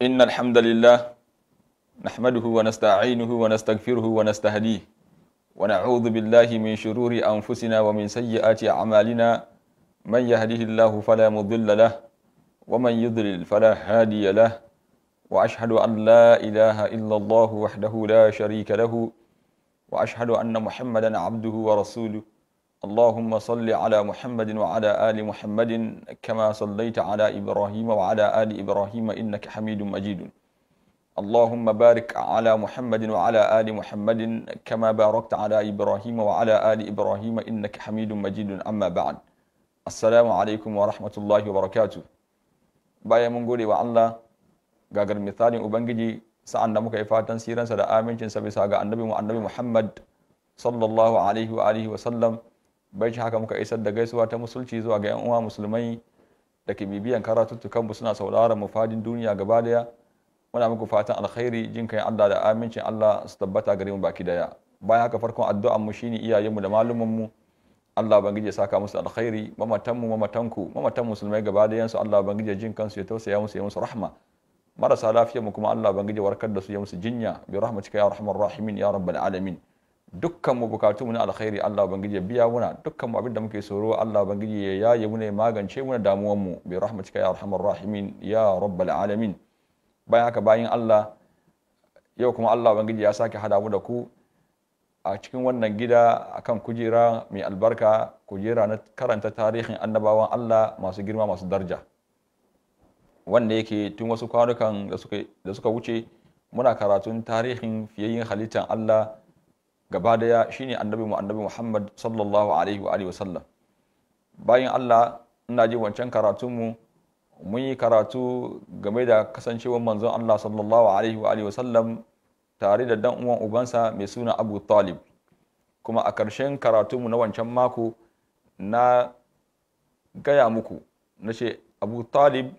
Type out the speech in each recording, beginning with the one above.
إن الحمد لله نحمده ونستعينه ونستغفره ونستهديه ونعوذ بالله من شرور أنفسنا ومن سيئات أعمالنا من يهده الله فلا مضل له ومن يضلل فلا هادي له وأشهد أن لا إله إلا الله وحده لا شريك له وأشهد أن محمدا عبده ورسوله اللهم صل على محمد وعلى آل محمد كما صليت على إبراهيم وعلى آل إبراهيم إنك حميد مجيد اللهم بارك على محمد وعلى آل محمد كما باركت على إبراهيم وعلى آل إبراهيم إنك حميد مجيد أما بعد Assalamu alaikum wa rahmatullahi wa barakatu. Bayan mun gode wa Allah gagar misalin Ubangiji sa'an da muka yi fatan siransa da amincinsa bisa ga annabi mu annabi Muhammad sallallahu alaihi wa wa bai haka muka isar da gaisuwa ta musulci zuwa ga yan uwa musulmai da ke bibiyan karatuttukan mu suna sauraron mu fadin duniya gaba daya muna muku fatan alkhairi jin kai Allah da amincin Allah su tabbata gare mu baki daya bayan haka farkon addu'an mu shine iyayen mu da malumman mu Allah bangije ya saka musu alkhairi mamatan mu mamatan ku mamatan musulmai gaba dayan su Allah ya jin kansu ya tausaya musu ya musu rahma marasa lafiyar mu kuma Allah ya warkar da su ya musu jinya bi rahmatika ya rahman rahimin ya rabbal alamin dukkan mu bukatu mu na alkhairi Allah bangiji biya muna dukkan mu abinda muke tsoro Allah bangiji ya yaye mu ne magance mu na damuwan mu bi rahmatika ya arhamar rahimin ya rabbal alamin bayan haka bayan Allah yau kuma Allah bangiji ya sake hada mu da ku a cikin wannan gida akan kujera mai albarka kujera na karanta tarihin annabawan Allah masu girma masu darja wanda yake tun wasu kwanukan da suka wuce muna karatun tarihin fiyayyen halittar Allah gaba daya shine annabi mu annabi Muhammad sallallahu alaihi wa alihi bayan Allah ina ji wancan karatunmu mu mun yi karatu game da kasancewar manzon Allah sallallahu alaihi wa alihi tare da dan uwan ubansa mai suna Abu Talib kuma a ƙarshen mu na wancan mako na gaya muku na ce abu talib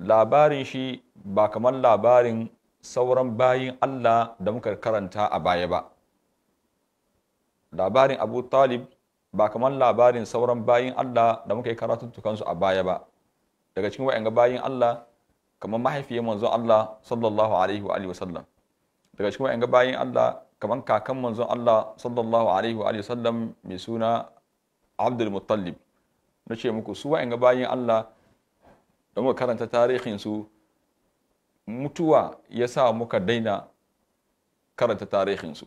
labarin shi ba kamar labarin sauran bayin allah da muka karanta a baya ba labarin abu talib ba kamar labarin sauran bayin allah da muka yi karatuttukansu a baya ba daga cikin wa'yan bayin allah kamar mahaifiyar manzon allah sallallahu alaihi wa sallam daga cikin wa'yan bayin allah kamar kakan manzon allah sallallahu alaihi wa sallam mai suna abdul muttalib na ce muku su wa'yan bayin allah da muka karanta tarihinsu mutuwa ya sa muka daina karanta tarihinsu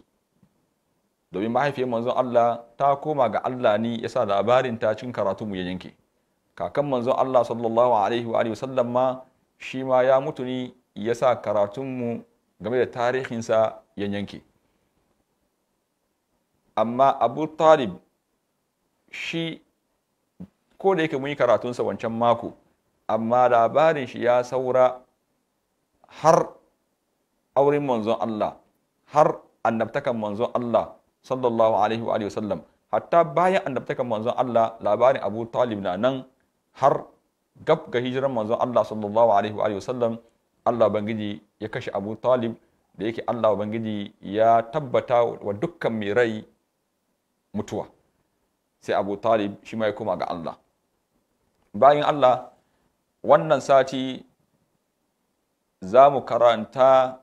domin mahaifiyar manzon Allah ta koma ga Allah ne yasa labarin ta cin karatu mu ya yanke kakan manzon Allah sallallahu alaihi wa sallam ma shi ma ya mutu ne yasa sa karatunmu game da tarihinsa ya yanke amma Abu Talib shi ko da yake mun yi karatunsa wancan mako amma labarin shi ya saura har auren manzon Allah har annabtakan manzon Allah sallallahu alaihi wa sallam hatta bayan annabtakan manzon Allah labarin Abu Talib na nan har gab ga hijiran manzon Allah sallallahu alaihi wa sallam Allah bangiji ya kashe Abu Talib da yake Allah bangiji ya tabbata wa dukkan mai rai mutuwa sai Abu Talib shi ma ya koma ga Allah bayan Allah wannan sati za mu karanta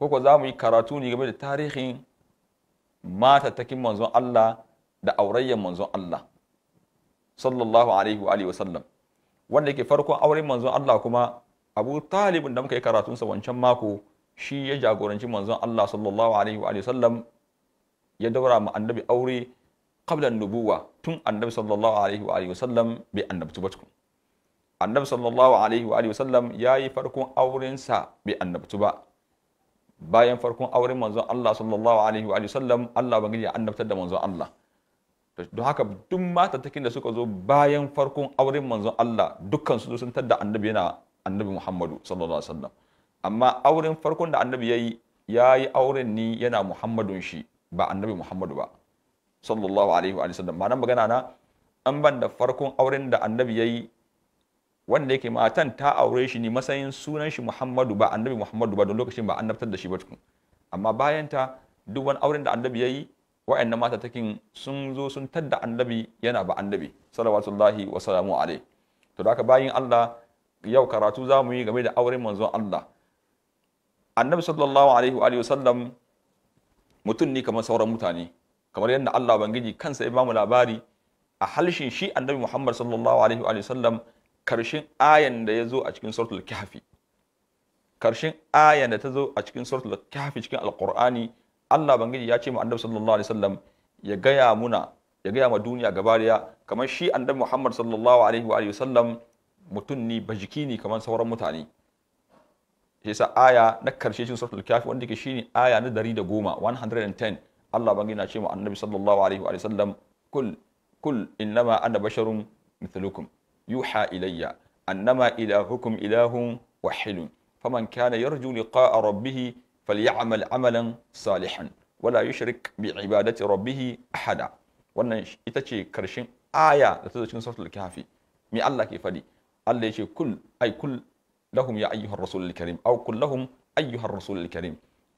ko za mu yi karatu ne game da tarihin matattakin manzon Allah da aurayyan manzon Allah sallallahu alaihi wa alihi wasallam wanda yake farkon auren manzon Allah kuma Abu Talib da muka yi karatun sa wancan mako shi ya jagoranci manzon Allah sallallahu alaihi wa sallam. ya daura ma annabi aure qabla nubuwa tun annabi sallallahu alaihi wa sallam bai annabtu ba annabi sallallahu alaihi wa sallam wasallam yayi farkon aurensa bai annabtu ba bayan farkon auren manzon Allah sallallahu alaihi wa sallam Allah bangiji ya annabtar da manzon Allah don haka duk takin da suka zo bayan farkon auren manzon Allah dukkan su sun tadda annabi yana annabi Muhammadu sallallahu alaihi wasallam amma auren farkon da annabi yayi yayi auren ni yana Muhammadun shi ba annabi Muhammadu ba sallallahu alaihi wa sallam ma'anar magana na an ban da farkon auren da annabi yayi wanda yake matan ta aure shi ne matsayin sunan shi Muhammadu ba annabi Muhammadu ba don lokacin ba annabtar da shi ba tukun amma bayan ta duk wani auren da annabi yayi wa'annan mata takin sun zo sun tadda annabi yana ba annabi salawatullahi wa salamu alai to da bayin Allah yau karatu za mu yi game da auren manzon Allah annabi sallallahu alaihi wa alihi sallam mutum ne kamar sauran mutane kamar yadda Allah bangiji kansa ya ba mu labari a halshin shi annabi Muhammad sallallahu alaihi wa sallam karshen ayan da ya zo a cikin suratul kahfi karshen ayan da ta zo a cikin suratul kahfi cikin alqur'ani Allah bangiji ya ce mu annabi sallallahu alaihi wasallam ya gaya muna ya gaya ma duniya gaba daya kamar shi annabi Muhammad sallallahu alaihi wa alihi wasallam ne bajiki ne kamar sauran mutane shi sa aya na karshe cikin suratul kahfi wanda ke shine aya na 110 110 Allah bangiji na ce mu annabi sallallahu alaihi wa alihi wasallam kul kul innama ana basharun mithlukum yuha ilayya annama ilahukum ilahun wahidun faman kana yarju liqa'a rabbih falyamal amalan salihan wala yushrik bi ibadati rabbih ahada wannan ita ce karshen aya da ta zo cikin suratul kahfi me Allah ke faɗi. Allah ya ce kul ai kul lahum ya ayyuhar rasulul karim aw kul lahum ayyuhar rasulul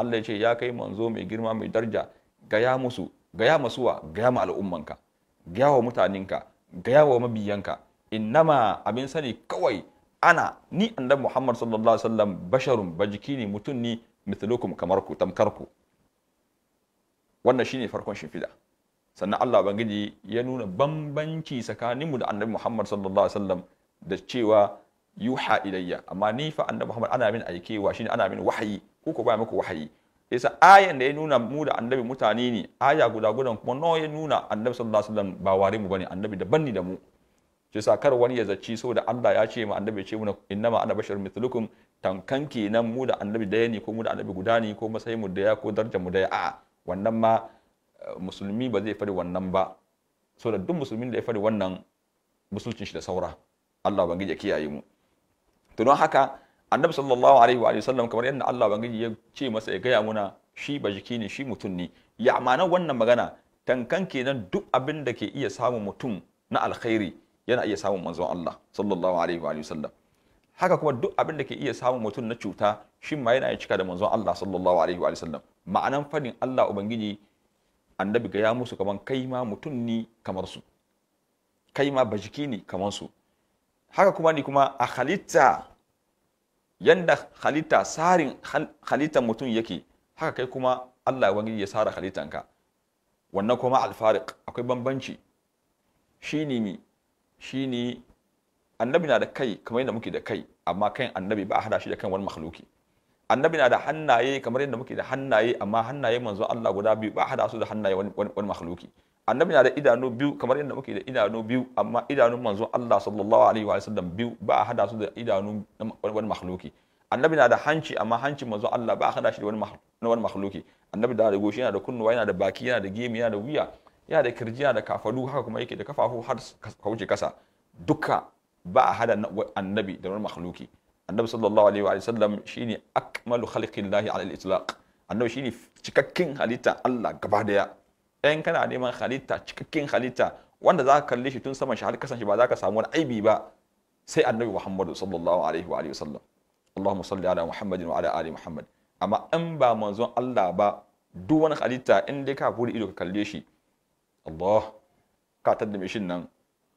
Allah ya ce ya kai manzo mai girma mai darja gaya musu masuwa gaya ma al'ummanka gaya wa mutanenka gaya wa mabiyanka innama abin sani kawai ana ni annabi Muhammad sallallahu alaihi wasallam basharun bajiki ne mutum ne mithlukum kamar ku tamkar ku wannan shine farkon shimfida sannan Allah bangiji ya nuna bambanci tsakaninmu da annabi Muhammad sallallahu alaihi wasallam da cewa yuha ilayya amma ni fa annabi Muhammad ana min aikewa shine ana min wahayi ko ko ba muku wahayi yasa ayan da ya nuna mu da annabi mutane ne aya guda gudan kuma nawa ya nuna annabi sallallahu alaihi wasallam ba ware mu bane annabi daban ne da mu shi kar wani ya zaci so da Allah ya ce ma annabi ya ce muna ma ana bashar mithlukum tankan kenan mu da annabi daya ne ko mu da annabi guda ne ko matsayin mu daya ko darja mu daya a'a wannan ma eh, musulmi ba zai fari wannan ba so da duk musulmin da ya fari wannan musulcin shi da saura Allah bangiji ya kiyaye mu to don haka annabi sallallahu alaihi wa sallam kamar yadda Allah bangiji ya ce masa ya gaya muna shi ba jiki ne shi mutum ne ya ma'anar wannan magana tankan kenan duk abin da ke iya samun mutum na alkhairi yana iya samun manzon Allah sallallahu alaihi wa sallam haka kuma duk abin da ke iya samun mutum na cuta shin ma yana iya cika da manzon Allah sallallahu alaihi wa sallam ma'anan fadin Allah ubangiji annabi ga ya musu kaman kai ma mutum ni kamar su kai ma ba ne kamar su haka kuma ni kuma a halitta yanda halitta sarin halittar mutum yake haka kai kuma Allah ubangiji ya sara halittanka wannan kuma alfarik akwai bambanci shi ne shine annabi na da kai kamar yadda muke da kai amma kan annabi ba a hada shi da kan wani makhluki annabi na da hannaye kamar yadda muke da hannaye amma hannaye manzo Allah guda biyu ba a hada su da hannaye wani wani makhluki annabi na da idanu biyu kamar yadda muke da idanu biyu amma idanun manzo Allah sallallahu alaihi wa sallam biyu ba a hada su da idanun wani makhluki annabi na da hanci amma hancin manzo Allah ba a hada shi da wani makhluki annabi da da goshi yana da kunnuwa yana da baki yana da gemi yana da wuya ya da kirjiya da kafalu haka kuma yake da kafafu har ka wuce kasa duka ba a hada annabi da wani makhluki annabi sallallahu alaihi wa sallam shine akmalu khalqillahi ala al-itlaq annabi shine cikakken halitta Allah gaba daya ɗayan kana neman halitta cikakken halitta wanda za ka kalle shi tun saman shi har kasan shi ba za ka samu wani aibi ba sai annabi Muhammadu sallallahu alaihi wa sallam Allahumma salli ala Muhammadin wa ala ali Muhammad amma in ba manzon Allah ba duk wani halitta in dai ka bude ido ka kalle shi Allah ka tadda mai shin nan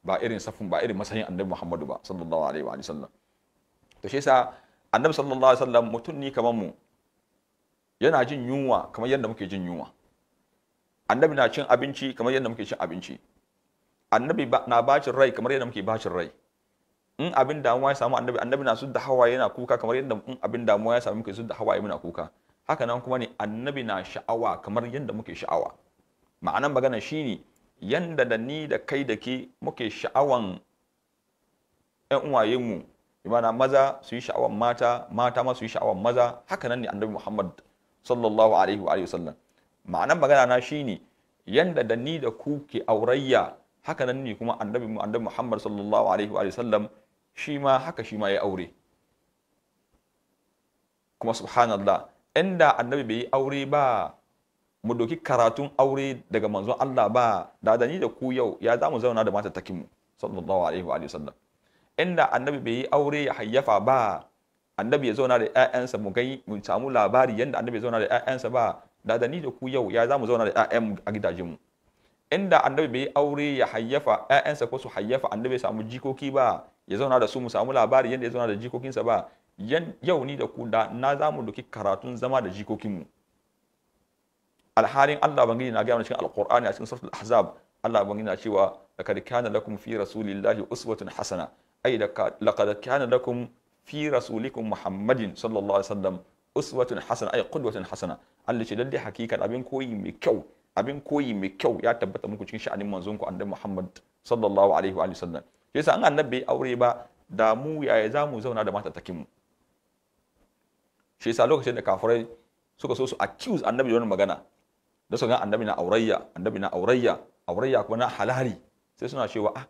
ba irin safin ba irin masahin annabi Muhammadu ba sallallahu alaihi wa sallam to shi yasa annabi sallallahu alaihi sallam mutum ni kamar mu yana jin yunwa kamar yadda muke jin yunwa annabi na cin abinci kamar yadda muke cin abinci annabi na bacin rai kamar yadda muke bacin rai in abin damuwa ya samu annabi annabi na sudda hawaye yana kuka kamar yadda in abin damuwa ya samu muke sudda hawaye muna kuka haka nan kuma ne annabi na sha'awa kamar yadda muke sha'awa ma'anan magana shine yanda da ni da kai da ke muke sha'awan yan uwayenmu imana maza su yi sha'awan mata mata ma su yi sha'awan maza haka nan ne annabi Muhammad sallallahu alaihi wa alihi wasallam ma'anan magana na shine yanda da ni da ku ke aurayya haka nan ne kuma annabi mu annabi Muhammad sallallahu alaihi wa sallam shi ma haka shi ma ya aure kuma subhanallah inda annabi bai yi aure ba mu doki karatun aure daga manzon Allah ba da da ni da ku yau ya za mu zauna da matattakin mu sallallahu alaihi wa sallam inda annabi bai yi aure ya hayyafa ba annabi ya zauna da ƴaƴansa mu gani mu samu labari yanda annabi ya zauna da ƴaƴansa ba da da ni da ku yau ya za mu zauna da ƴaƴan mu a gidajen mu inda annabi bai yi aure ya hayyafa ƴaƴansa ko su hayyafa annabi ya samu jikoki ba ya zauna da su mu samu labari yanda ya zauna da jikokinsa ba yau ni da ku da na za mu doki karatun zama da jikokinmu alhalin Allah bangiji na gaya cikin alqur'ani a cikin suratul ahzab Allah bangiji na cewa laqad kana lakum fi rasulillahi uswatun hasana ay laqad kana lakum fi rasulikum muhammadin sallallahu alaihi wasallam uswatun hasana ay qudwatun hasana Allah ce hakikan abin koyi mai kyau abin koyi mai kyau ya tabbata muku cikin sha'anin manzon ku annabi Muhammad sallallahu alaihi wa sallam yasa an annabi aure ba da mu yaya za mu zauna da matatakin mu shi yasa lokacin da kafirai suka so su accuse annabi da wannan magana da su ga annabi na aurayya annabi na aurayya aurayya kuma na halali sai suna cewa ah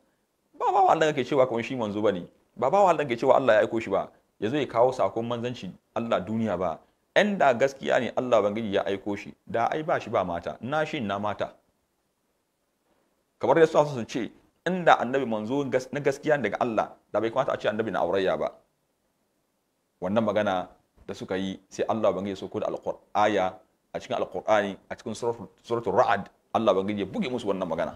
ba ba Allah kake cewa kuma shi manzo bane ba ba Allah kake cewa Allah ya aiko shi ba yazo ya kawo sakon manzanci Allah duniya ba ɗan da gaskiya ne Allah bangiji ya aiko shi da ai ba shi ba mata na shi na mata kamar da su ce inda annabi manzo na gaskiya daga Allah da bai kamata a ce annabi na aurayya ba wannan magana da suka yi sai Allah bangiji ya sauko da alqur a cikin alqur'ani a cikin suratul ra'ad Allah bangiji ya buge musu wannan magana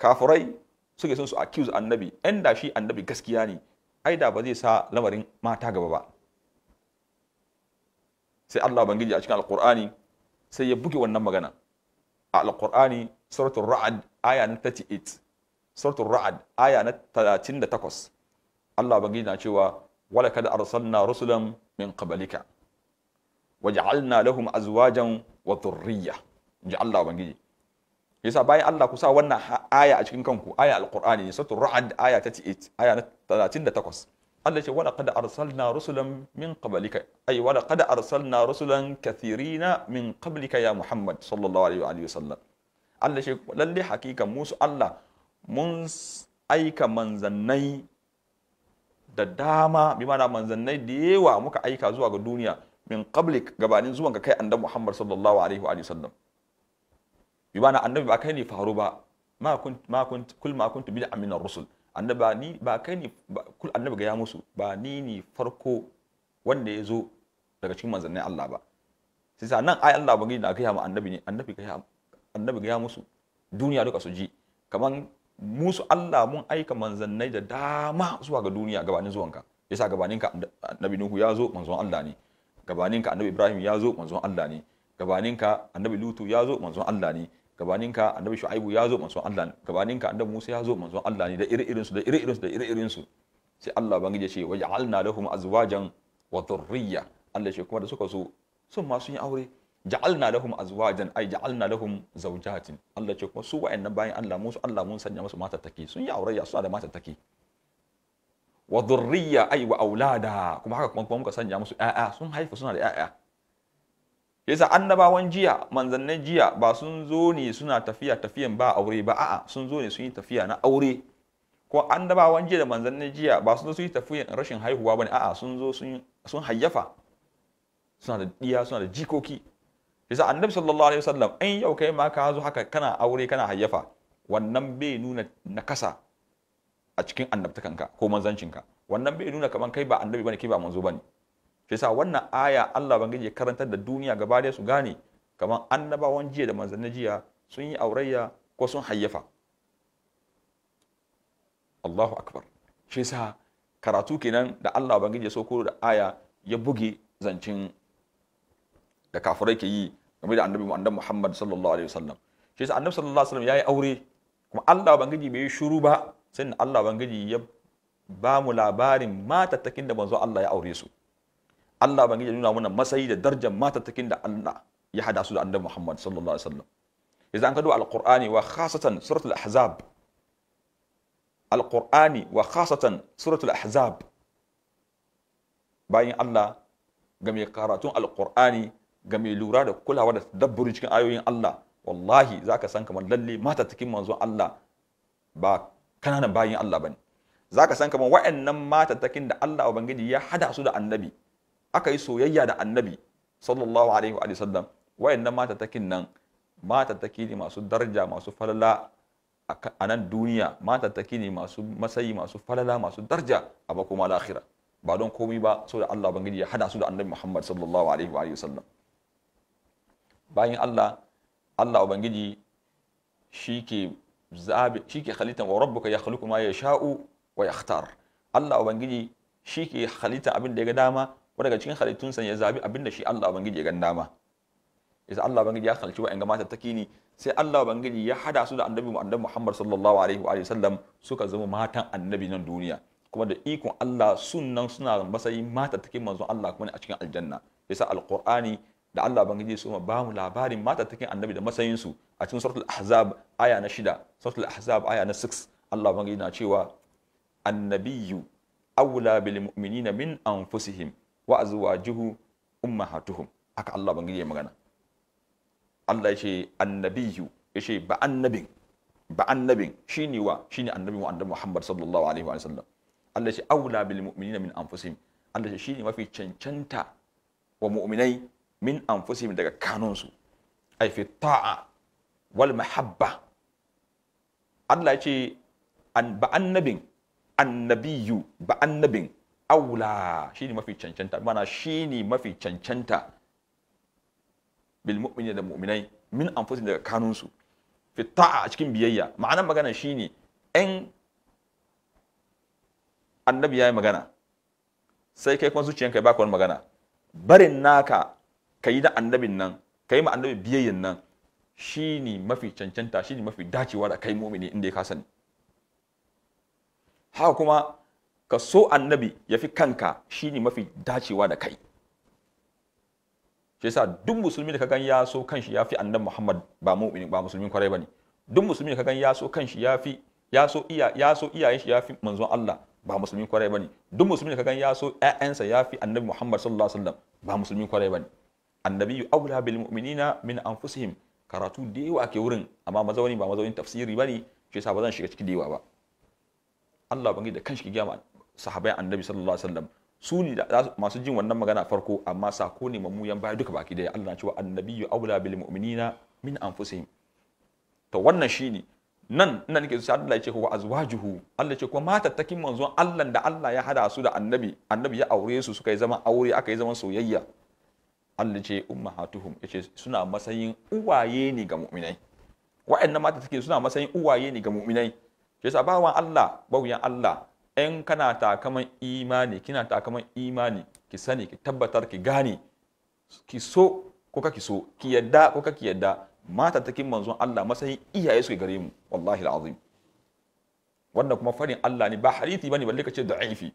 kafirai suke son su accuse annabi ɗan da shi annabi gaskiya ne ai da ba zai sa lamarin mata gaba ba sai Allah bangiji a cikin alqur'ani sai ya buge wannan magana a alkur'ani suratul ra'ad aya na 38 suratul ra'ad aya na 38 Allah bangiji na cewa wala kad arsalna rusulan min qablika waj'alna lahum azwajan wa dhurriyya inji Allah ubangiji yasa bayan Allah ku sa wannan aya a cikin kanku aya alqur'ani ne suratul ra'd aya 38 eh, aya na 38 Allah ce wala qad arsalna rusulan min qablika ay wala qad arsalna rusulan kathirina min qablika ya Muhammad sallallahu alaihi wa sallam Allah ce lalle hakika musu Allah mun aika manzannai da dama bi mana manzannai da yawa muka aika zuwa ga duniya min qablik gabanin zuwan ka kai annabi Muhammad sallallahu alaihi wa sallam bi bana annabi ba kai ne faru ba ma kun ma kun kul ma kuntu bid'a min ar-rusul annabi ni ba kai ne kul annabi ga ya musu ba ni ne farko wanda ya zo daga cikin manzannin Allah ba sai sa nan ai Allah bangi da kai ma annabi ne annabi ga ya annabi ga ya musu duniya duka su ji kaman musu Allah mun aika manzannai da dama zuwa ga duniya gabanin zuwanka yasa gabanin ka annabi Nuhu ya zo manzon Allah ne gabaninka annabi ibrahim ya zo manzon Allah ne gabaninka annabi lutu ya zo manzon Allah ne gabaninka annabi shu'aibu ya zo manzon Allah ne gabaninka annabi musa ya zo manzon Allah ne da iri-irin su da iri-irin su da iri-irin su sai Allah bangije ce waja'alna lahum azwajan wa dhurriyya Allah shi kuma da suka so sun ma sun yi aure ja'alna lahum azwajan ai ja'alna lahum zawjatin Allah ce kuma su wa'annan bayan Allah musu Allah mun sanya musu mata take sun yi ya suna da mata take wa dhurriya ay wa aulada kuma haka kuma muka sanya musu ƴaƴa sun haifa suna da ƴaƴa yasa annabawan jiya manzannin jiya ba sun zo ne suna tafiya tafiyan ba aure ba a'a sun zo ne sun yi tafiya na aure ko annabawan jiya da manzannin jiya ba sun zo sun yi tafiyan rashin haihuwa bane a'a sun zo sun hayyafa suna da diya suna da jikoki yasa annabi sallallahu alaihi wasallam in yau kai ma ka zo haka kana aure kana hayyafa wannan bai nuna nakasa a cikin annabtakanka ko manzancinka wannan bai nuna kamar kai ba annabi bane kai ba manzo bane shi yasa wannan aya Allah bangiji ya karantar da duniya gaba da su gane Kamar annabawan jiya da manzanni jiya sun yi aurayya ko sun hayyafa Allahu akbar shi yasa karatu kenan da Allah bangiji ya sauko da aya ya buge zancin da kafirai ke yi game da annabi annabi Muhammad sallallahu alaihi wasallam shi yasa annabi sallallahu alaihi wasallam yayi aure kuma Allah bangiji bai yi shuru ba sai Allah bangiji ya ba mu labarin matattakin da manzo Allah ya aure su Allah bangiji ya nuna mana matsayi da darajar matattakin da Allah ya hada su da annabi Muhammad sallallahu alaihi wasallam idan an kadu alqur'ani wa khasatan suratul ahzab alqur'ani wa khasatan suratul ahzab bayan Allah ga karatun alqur'ani ga mai lura da kulawa da tadabburi cikin ayoyin Allah wallahi zaka san kamar lalle matattakin manzo Allah ba kananan bayin Allah bane ka san kamar wa'annan matattakin da Allah ubangiji ya hada su da annabi aka yi soyayya da annabi sallallahu alaihi wa sallam wa'annan matattakin nan matattaki ne masu daraja masu falala a nan duniya matattaki ne masu masayi masu falala masu daraja a bakoma lahira ba don komai ba saboda Allah ubangiji ya hada su da annabi Muhammad sallallahu alaihi wa sallam bayan Allah Allah ubangiji shi ke zabi shike halittan wa rabbuka yakhluqu ma yasha'u wa yakhtar Allah ubangiji shike halittan abin da ya ga dama ko daga cikin san ya zabi abin da shi Allah ubangiji ya ga dama yasa Allah ubangiji ya in ga mata takini sai Allah ubangiji ya hada su da annabi annabi Muhammad sallallahu alaihi wa sallam suka zama matan annabi nan duniya kuma da ikon Allah sunnan suna masayin mata take manzon Allah kuma a cikin aljanna yasa alqur'ani da Allah bangiji su ba mu labarin cikin annabi da matsayin su a cikin suratul ahzab aya na shida suratul ahzab aya na 6 Allah bangiji na cewa annabiyyu awla bil mu'minina min anfusihim wa azwajuhu ummahatuhum haka Allah bangiji ya magana Allah ya ce annabiyyu ya ce ba annabin ba annabin shine wa shine annabin wa annabi Muhammad sallallahu alaihi wa sallam Allah ya ce awla bil mu'minina min anfusihim Allah ya ce shine mafi cancanta wa mu'minai min anfusihim daga kanunsu ai fi ta'a wal mahabba Allah ce an ba annabin annabiyu ba annabin aula shine mafi cancanta mana shine mafi cancanta bil mu'minina da mu'minai min anfusihim daga kanunsu fi ta'a a cikin biyayya ma'anar magana shine ɗan annabi ya yi magana sai kai kuma zuciyanka ya baka wani magana barin naka ka yi da annabin nan ka yi ma annabi biyayyan nan shi ne mafi cancanta shi ne mafi dacewa da kai mumini inda ya kasani haka kuma ka so annabi ya fi kanka shi ne mafi dacewa da kai shi yasa duk musulmi da ka gan ya so kanshi ya fi annabi muhammad ba mumini ba musulmin kwarai ba ne duk musulmi da ka gan ya so kanshi ya fi ya so iya ya so iyayen shi ya fi manzon Allah ba musulmin kwarai ba ne duk musulmi da ka gan ya so ƴaƴansa ya fi annabi muhammad sallallahu alaihi wasallam ba musulmin kwarai ba ne annabi aula bil mu'minina min anfusihim karatu da yawa ke wurin amma mazauni ba mazaunin tafsiri bane shi yasa ba zan shiga ciki da ba Allah bangi da kanshi ke gaya sahabai annabi sallallahu alaihi wasallam su ne masu jin wannan magana farko amma sako ne mamuyan baya duka baki daya Allah na cewa annabiyyu aula bil mu'minina min anfusihim to wannan shine nan ina nake sai Allah ya ce wa azwajuhu Allah ya ce kuma matattakin takin manzon Allah da Allah ya hada su da annabi annabi ya aure su suka yi zaman aure aka yi zaman soyayya Allah ce ummahatuhum yace suna matsayin uwaye ne ga mu'minai wa'annan mata take suna matsayin uwaye ne ga mu'minai shi yasa bawan Allah bawuyan Allah in kana takaman imani kina takaman imani ki sani ki tabbatar ki gane ki so ko ka ki so ki yadda ko ka ki yadda mata take manzon Allah matsayin iyaye suke gare mu wallahi alazim wannan kuma farin Allah ne ba hadisi bane balle ka ce da'ifi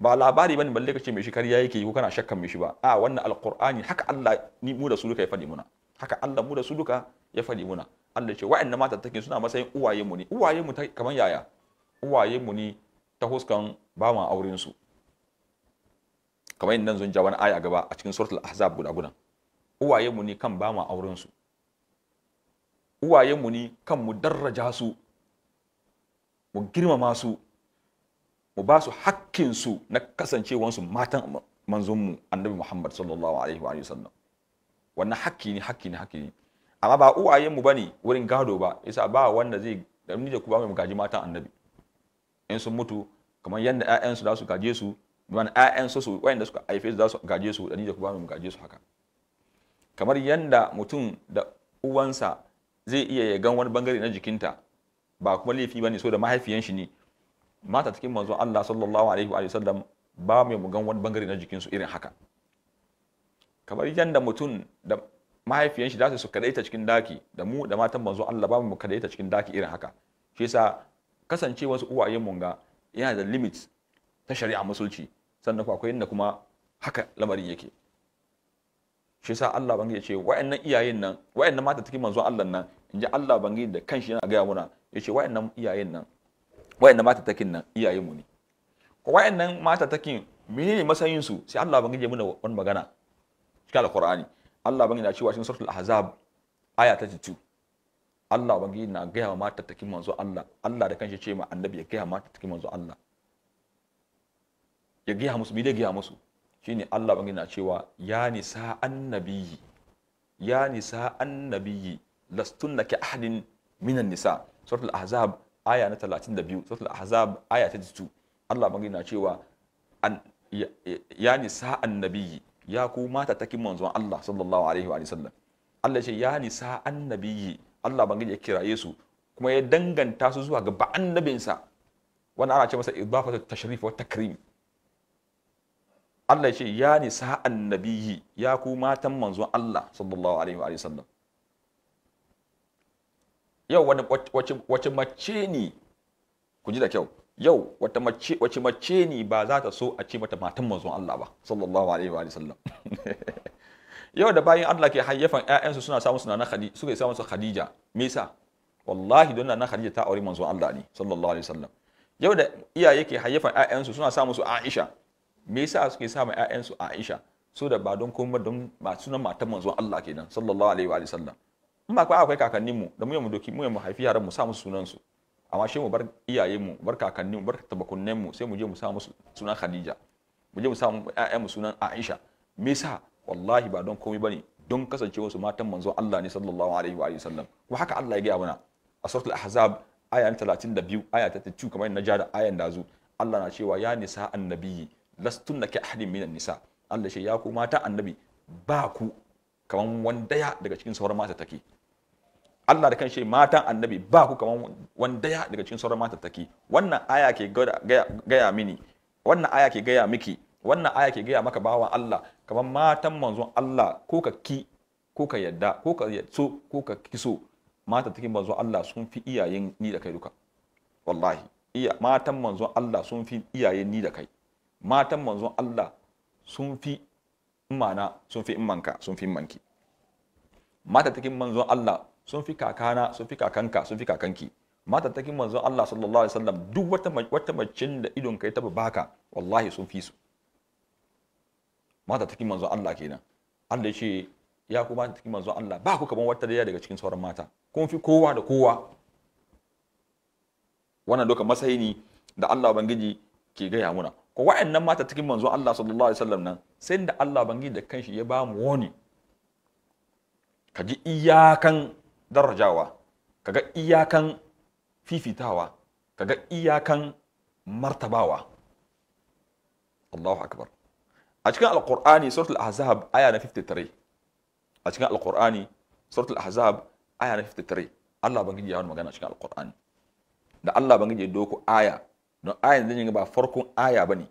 ba labari bane balle kace mai shi kariya yake ko kana shakkan me shi ba a wannan alqur'ani haka Allah ni mu da su duka ya faɗi muna haka Allah mu da su duka ya faɗi muna Allah ce wa'annan take suna matsayin uwaye mu ne uwaye mu kamar yaya uwaye mu ne ta huskan ba ma auren su kamar yadda zan ja wani aya gaba a cikin suratul ahzab guda guda uwaye mu ne kan ba ma auren su uwaye mu ne kan mu daraja su mu girmama su mu ba su hakkinsu na kasancewansu matan manzonmu annabi muhammad sallallahu alaihi wa sallam wannan hakki ne hakki ne hakki ne amma ba uwayenmu ba ne wurin gado ba yasa ba wanda zai da da ku ba mu gaji matan annabi in sun mutu kamar yadda ƴaƴansu za su gaje su man ƴaƴansu su wayanda suka haife su za su gaje su da ni da ku ba mu gaje su haka kamar yadda mutum da uwansa zai iya ya gan wani bangare na jikinta ba kuma laifi ba ne so da mahaifiyan shi ne mata cikin manzo Allah sallallahu alaihi wa sallam ba mai mugan wani bangare na jikinsu irin haka kamar yadda mutum da mahaifiyan shi za su kadaita cikin daki da mu da matan manzo Allah ba mu kadaita cikin daki irin haka shi yasa kasancewar su uwayen mun ga yana da limits ta shari'a musulci sannan kuma akwai inda kuma haka lamarin yake shi yasa Allah bangi ya ce wa'annan iyayen nan wa'annan mata cikin manzo Allah nan inji Allah bangi da kanshi yana gaya muna ya ce wa'annan iyayen nan wayannan matatakin nan iyayen mu ne ko wayannan matatakin menene matsayin su sai Allah bangije muna wannan magana cikin alqur'ani Allah bangije na cewa cikin suratul ahzab aya ta 2 Allah bangije na gaya wa matatakin manzo Allah Allah da kanshi ce ma annabi ya gaya matatakin manzo Allah ya gaya musu bi da musu shine Allah bangije na cewa ya nisa annabi ya nisa annabi lastunna ka ahadin minan nisa suratul ahzab aya na 32 suratul ahzab aya ta 2 Allah bangi na cewa an ya nisa annabi ya ku mata takin manzon Allah sallallahu alaihi wa sallam Allah ce ya nisa annabi Allah bangi ya kiraye su kuma ya danganta su zuwa ga annabinsa wannan ana ce masa idafatu tashrif wa takrim Allah ya ce ya nisa annabi ya ku matan manzon Allah sallallahu alaihi wa sallam yau wace mace ne ku ji da kyau yau mace wace mace ne ba za ta so a ce mata matan manzon Allah ba sallallahu alaihi wa sallam yau da bayan Allah ke hayyafan ƴaƴansu suna samun suna na Khadija suka samu su Khadija me yasa wallahi don na Khadija ta aure manzon Allah ne sallallahu alaihi wa sallam yau da iyaye ke hayyafan ƴaƴansu suna samun su Aisha me yasa suke samun ƴaƴansu Aisha so da ba don kuma don sunan matan manzon Allah kenan sallallahu alaihi wa sallam in ba akwai kakannin mu da muyan mu doki muyan mu haifi yaran mu sa musu sunan su amma shi mu bar iyaye mu bar kakannin mu bar tabakunnen mu sai mu je mu sa musu sunan Khadija mu je mu sa mu mu sunan Aisha me yasa wallahi ba don komai bane don kasancewa su matan manzo Allah ne sallallahu alaihi wa sallam ko haka Allah ya gaya mana a suratul ahzab aya 32 aya ta 32 kamar na jada ayan da zu Allah na cewa ya nisa annabi lastunna ka ahadin minan nisa Allah shi ya ku mata annabi ba ku kamar wanda ya daga cikin sauran mata take Allah da kanshi matan annabi ba ku kamar wanda ya daga cikin sauran matattaki wannan aya ke gaya mini wannan aya ke gaya miki wannan aya ke gaya maka bawan Allah kamar matan manzon Allah ko ka ki ko ka yadda ko ka so ko ka matan matattakin manzon Allah sun fi iyayen ni da kai duka wallahi iya matan manzon Allah sun fi iyayen ni da kai matan manzon Allah sun fi imana sun fi imanka sun fi imanki matattakin manzon Allah sun fi kakana sun fi kakanka sun fi kakanki kin manzon Allah sallallahu alaihi wasallam duk wata wata macin da idon kai ta baka wallahi sun fi su kin manzon Allah kenan Allah ya ce ya kuma kin manzon Allah ba ku kaman wata daya daga cikin sauran mata kun fi kowa da kowa wannan doka matsayi ne da Allah bangiji ke gaya muna ko wa'annan kin manzon Allah sallallahu alaihi wasallam nan sai da Allah bangiji da kanshi ya ba mu wani ka ji iyakan darajawa kaga iyakan fifitawa kaga iyakan martabawa Allahu akbar a cikin alqur'ani suratul ahzab aya na 53 a cikin alqur'ani suratul ahzab aya na 53 Allah bangiji ya wani magana cikin alqur'ani da Allah bangiji ya doko aya don ayan da ba farkon aya bane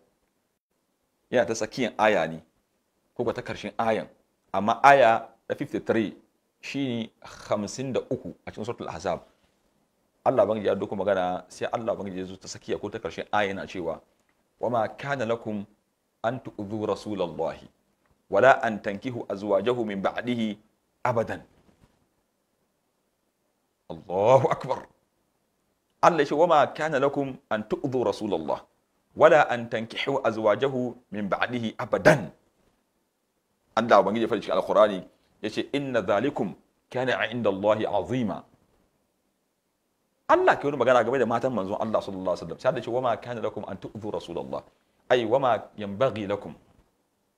yana ta tsakiyan aya ne ko ba ta karshen ayan amma aya na 53 shine 53 a cikin suratul ahzab Allah bangi ya doko magana sai Allah bangi ya zo ta sakiya ko ta karshen aya yana cewa wama kana lakum an tu'dhu rasulallahi wala an tankihu azwajahu min ba'dihi abadan Allahu akbar Allah shi wama kana lakum an tu'dhu rasulullah wala an tankihu azwajahu min ba'dihi abadan Allah ubangiji ya faɗi cikin alqur'ani yace inna zalikum kana inda Allah azima Allah ke wani magana game da matan manzon Allah sallallahu alaihi wasallam sai da ce wama kana lakum an tu'dhu rasulullah ay wama yanbaghi lakum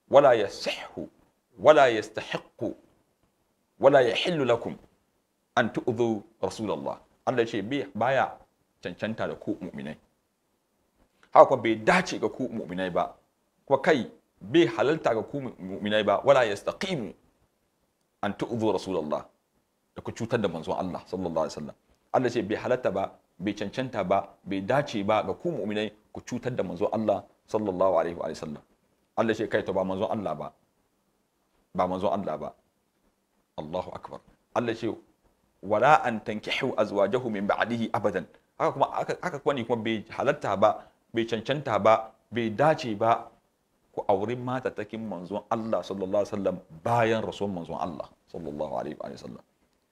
wala yasihhu wala yastahiqu wala yahillu lakum an tu'dhu rasulullah Allah ce baya cancanta da ku mu'minai haka bai dace ga ku mu'minai ba kuma kai bai halalta ga ku mu'minai ba wala yastaqimu an tu'zu rasulullah da ku cutar da manzon Allah sallallahu alaihi wasallam Allah ce bai halatta ba bai cancanta ba bai dace ba ga ku mu'minai ku cutar da manzon Allah sallallahu alaihi wa sallam Allah ce kai to ba manzon Allah ba ba manzon Allah ba Allahu akbar Allah ce wala an tankihu azwajahu min ba'dihi abadan haka kuma haka kuma bai halatta ba bai cancanta ba bai dace ba ku auri matatakin manzon Allah sallallahu alaihi wasallam bayan rasulun manzon Allah sallallahu alaihi wa sallam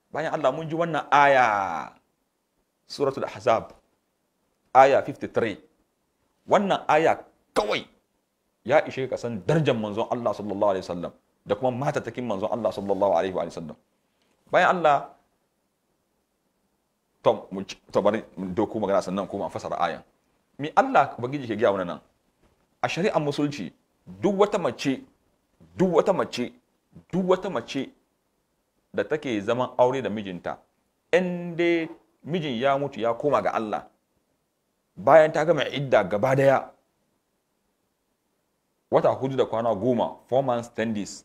bayan Allah mun ji wannan aya suratul ahzab aya 53 wannan aya kawai ya ishe ka san darajar manzon Allah sallallahu alaihi wasallam da kuma matatakin manzon Allah sallallahu alaihi wa sallam. bayan Allah to to bari doku magana sannan kuma fasara ayan mi Allah ubangiji ke gaya wannan nan a shari'ar musulci duk wata mace duk wata mace duk wata mace da take zaman aure da mijinta in dai mijin ya mutu ya koma ga Allah bayan ta gama idda gaba daya wata hudu da kwana goma four months ten days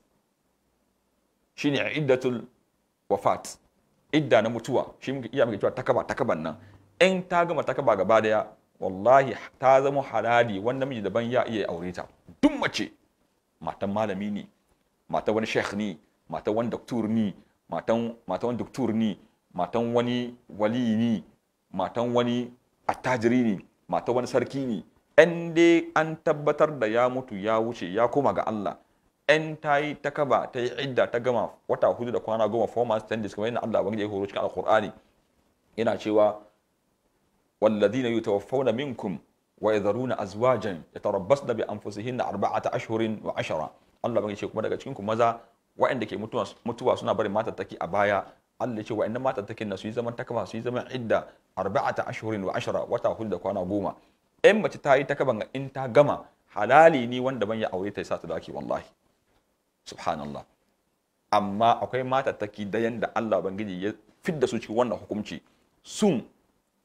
ne iddatul wafat idda na mutuwa shi muke iya muke cewa takaba takaban nan in ta gama takaba gaba daya wallahi ta zama halali wani namiji daban ya iya aure ta duk mace matan malami ne matan wani sheikh ne matan wani doktor ne matan wani doktor ne matan wani wali ne matan wani attajiri ne matan wani sarki ne ɗan dai an tabbatar da ya mutu ya wuce ya koma ga Allah ɗan ta yi ta kaba ta yi idda ta gama wata hudu da kwana goma four months ten days kamar yadda Allah wani ya horo cikin alkur'ani yana cewa والذين يتوفون منكم ويذرون أزواجا يتربصن بأنفسهن أربعة أشهر وعشرة Allah bai ce kuma daga cikin ku maza waɗanda ke mutuwa suna barin matattaki a baya Allah ce waɗannan matattakin na su yi zaman takaba su yi zaman idda arba'ata ashhurin wa ashara wata hudu da kwana goma in mace ta yi takaban in ta gama halali ne wanda ban ya aure ta sa ta daki wallahi subhanallah amma akwai matattaki da yanda Allah bangiji ya fidda su cikin wannan hukunci sun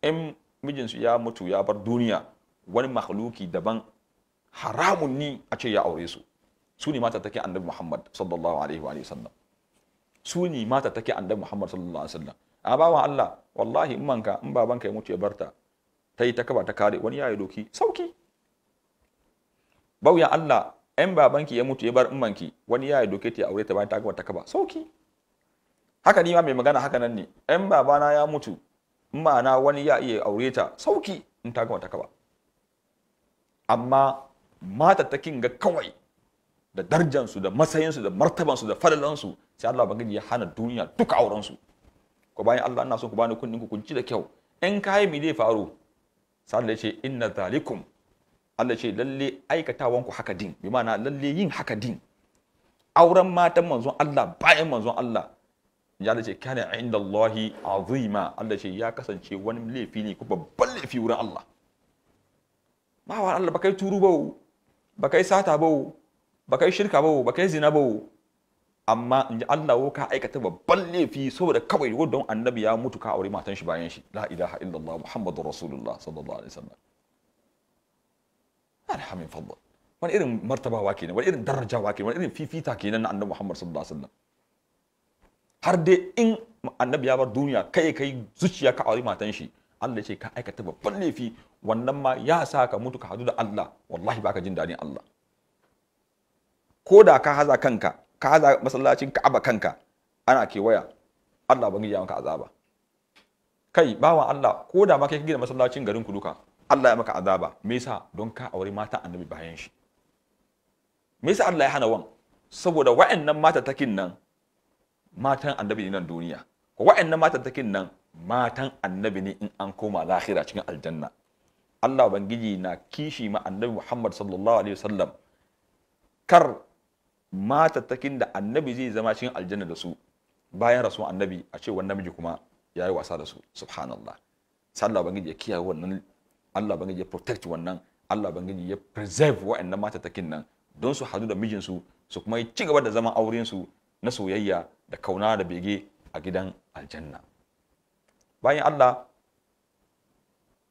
in mijinsu ya mutu ya bar duniya wani makhluki daban haramun ni a ce ya aure su su ne mata take annabi Muhammad sallallahu alaihi wa sallam su ne mata take annabi Muhammad sallallahu alaihi wa sallam a bawa Allah wallahi in manka in babanka ya mutu ya barta ta yi ta kaba ta kare wani ya yi doki sauki bauya Allah ‘yan babanki ya mutu ya bar manki wani ya doki ta aure ta bayan ta kaba ta kaba sauki haka ni ma mai magana haka nan ne ‘yan babana ya mutu ma'ana wani ya iya aure ta sauki in ta gama ta kaba amma ta kinga kawai da darjansu da matsayinsu da martabansu da fadalansu sai Allah bangiji ya hana duniya duka aurensu ku bayan Allah ina so ku bani kunninku ku kunci da kyau in kai mi zai faru sai Allah ya ce inna zalikum Allah ce lalle aikatawan ku haka din bi ma'ana lalle yin haka din auren matan manzon Allah bayan manzon Allah ya da ce kana inda Allahi azima Allah ce ya kasance wani laifi ne ko babban laifi wurin Allah ba wa Allah bakai turu ba bakai sata ba wo, bakai shirka ba wo, bakai zina ba wo. amma in ji Allah wo ka aikata babban laifi saboda kawai don annabi ya mutu ka aure matan shi bayan shi la ilaha illallah muhammadur rasulullah sallallahu alaihi wasallam alhamdulillah wani irin martabawa kenan wani irin darajawa kenan wani irin fifita kenan na annabi muhammad sallallahu alaihi wasallam har dai in annabi ya bar duniya kai kai zuciya ka auri matan shi Allah ce ka aikata babban laifi wannan ma ya sa ka mutu ka hadu da Allah wallahi baka jin daɗin Allah ko da ka haza kanka ka haza masallacin Ka'aba kanka ana kewaya Allah ban ya maka azaba kai bawan Allah ko da ma kai gina masallacin garin ku duka Allah ya maka azaba me yasa don ka aure mata annabi bayan shi me yasa Allah ya hana wan saboda wa'annan mata takin nan matan annabi ne nan duniya ko wa'annan matan take nan matan annabi ne in an koma lahira cikin aljanna Allah ubangiji na kishi ma annabi Muhammad sallallahu alaihi wasallam kar matattakin da annabi zai zama cikin aljanna da su bayan rasuwan annabi a ce wannan miji kuma ya yi wasa da su subhanallah sallallahu Allah ubangiji ya kiyaye wannan Allah ubangiji ya protect wannan Allah ubangiji ya preserve wa'annan matattakin nan don su hadu da mijinsu su kuma yi ci gaba da zaman aurensu na soyayya da kauna da bege a gidan aljanna bayan Allah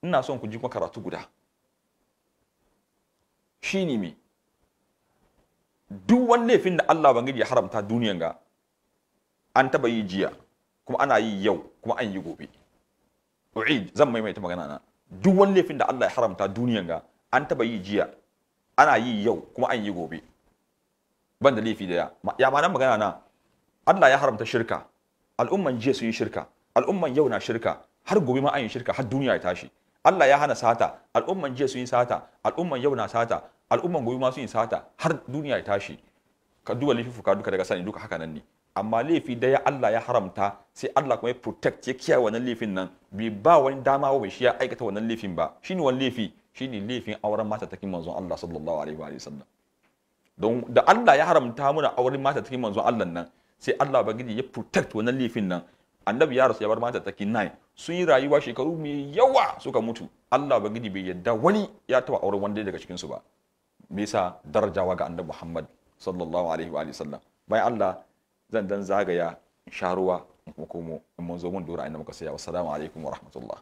ina son ku ji kuma karatu guda shi ne me duk wani laifin da Allah ban ya haramta duniyan ga an taba yi jiya kuma ana yi yau kuma an yi gobe u'id zan maimaita magana na duk wani laifin da Allah ya haramta duniyan ga an taba yi jiya ana yi yau kuma an yi gobe ban da laifi daya ya ma nan magana na Allah ya haramta shirka al'umman jiya sun yi shirka al'umman yau na shirka har gobe ma an yi shirka har duniya ya tashi Allah ya hana sata al'umman jiya sun yi sata al'umman yau na sata al'umman gobe ma sun yi sata har duniya ya tashi ka duba laifuka duka daga sani duka haka nan ne amma laifi ya Allah ya haramta sai Allah kuma ya protect ya kiyaye wannan laifin nan bai ba wani dama ba shi ya aikata wannan laifin ba shine wani laifi shine laifin auren mata takin manzon Allah sallallahu alaihi wa sallam don da Allah ya haramta muna auren mata takin manzon Allah nan sai Allah ubangiji ya protect wannan laifin nan annabi ya rasu ya bar mata taki 9 sun yi rayuwa shekaru mai yawa suka mutu Allah ubangiji bai yadda wani ya taba auren wanda daga cikin su ba me yasa darajawa ga annabi Muhammad sallallahu alaihi wa sallam bai Allah zan dan zagaya sharuwa mu komo in mun zo mun dora inda muka saya assalamu alaikum wa rahmatullah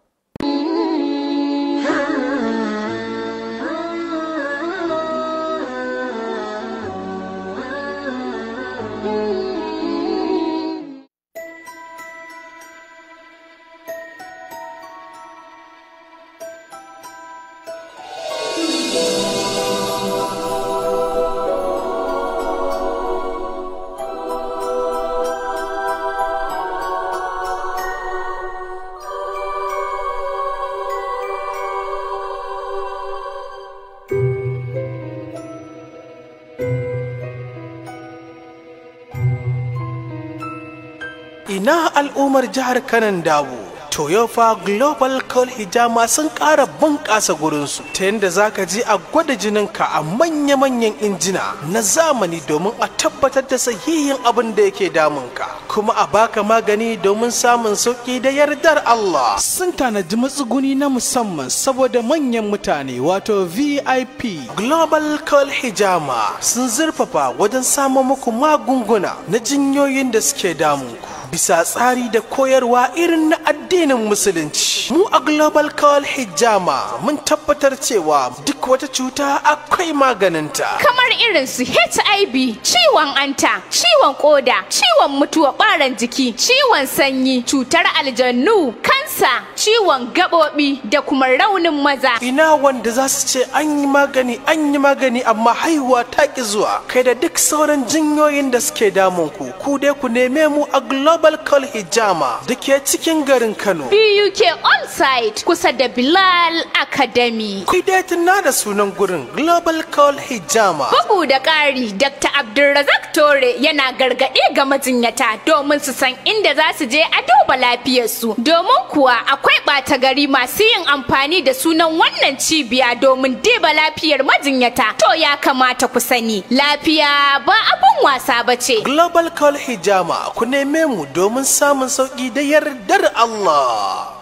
hukumar jihar kanan dabo Toyofa Global Call Hijama sun ƙara bunƙasa gurinsu ta yadda za ka je a gwada jinin ka a manya-manyan injina na zamani domin a tabbatar da sahihin abin da yake damunka kuma a baka magani domin samun sauƙi da yardar Allah. Sun tanaji matsuguni na musamman saboda manyan mutane wato VIP Global Call Hijama sun zurfafa wajen samun muku magunguna na jinyoyin da suke damunku. bisa tsari da koyarwa irin na addinin musulunci mu a global call hijama mun tabbatar cewa duk wata cuta akwai maganinta. Kamar irin su HIV, ciwon anta, ciwon koda, ciwon mutuwa ɓaran jiki, ciwon sanyi, cutar aljannu, kansa, ciwon gaɓoɓi da kuma raunin maza. Ina wanda za su ce an yi magani, an yi magani amma haihuwa ta ki zuwa. Kai da duk sauran jinyoyin da suke damun ku, ku dai ku neme mu a Global Call Hijama da ke cikin garin Kano. BUK All kusa da Bilal Academy. Ku dai tuna da sunan gurin Global Call Hijama. Bugu da ƙari, Dr. Abdulrazak Tore yana gargaɗe ga majinyata domin su san inda za su je a duba lafiyarsu. Domin kuwa akwai ɓata gari masu yin amfani da sunan wannan cibiya domin diba lafiyar majinyata. To ya kamata ku sani, lafiya ba abun wasa ba ce. Global Call Hijama ku neme mu domin samun sauƙi da yardar Allah.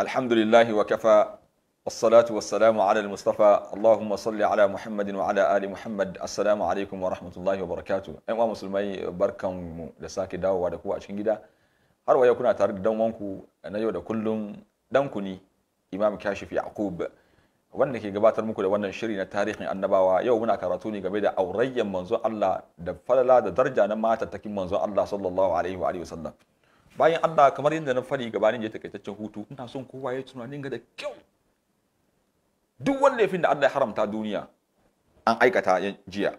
alhamdulillahi wa kafa wassalatu wassalamu ala al-mustafa allahumma salli ala muhammadin wa ala ali muhammad assalamu alaikum wa rahmatullahi wa barakatuh ɗan uwa musulmai barkanmu da sake dawowa da ku a cikin gida har wa yau kuna tare da dan wanku na yau da kullum dan ku ni imam kashif yaqub wanda ke gabatar muku da wannan shiri na tarihin annabawa yau muna karatu ne game da aurayyan manzon Allah da falala da daraja na matattakin manzon Allah sallallahu alaihi wa alihi bayan Allah kamar yadda na fari gabanin je kaitaccen hutu ina son kowa ya tunanin ga da kyau duk wanda yafin da Allah ya haramta duniya an aikata jiya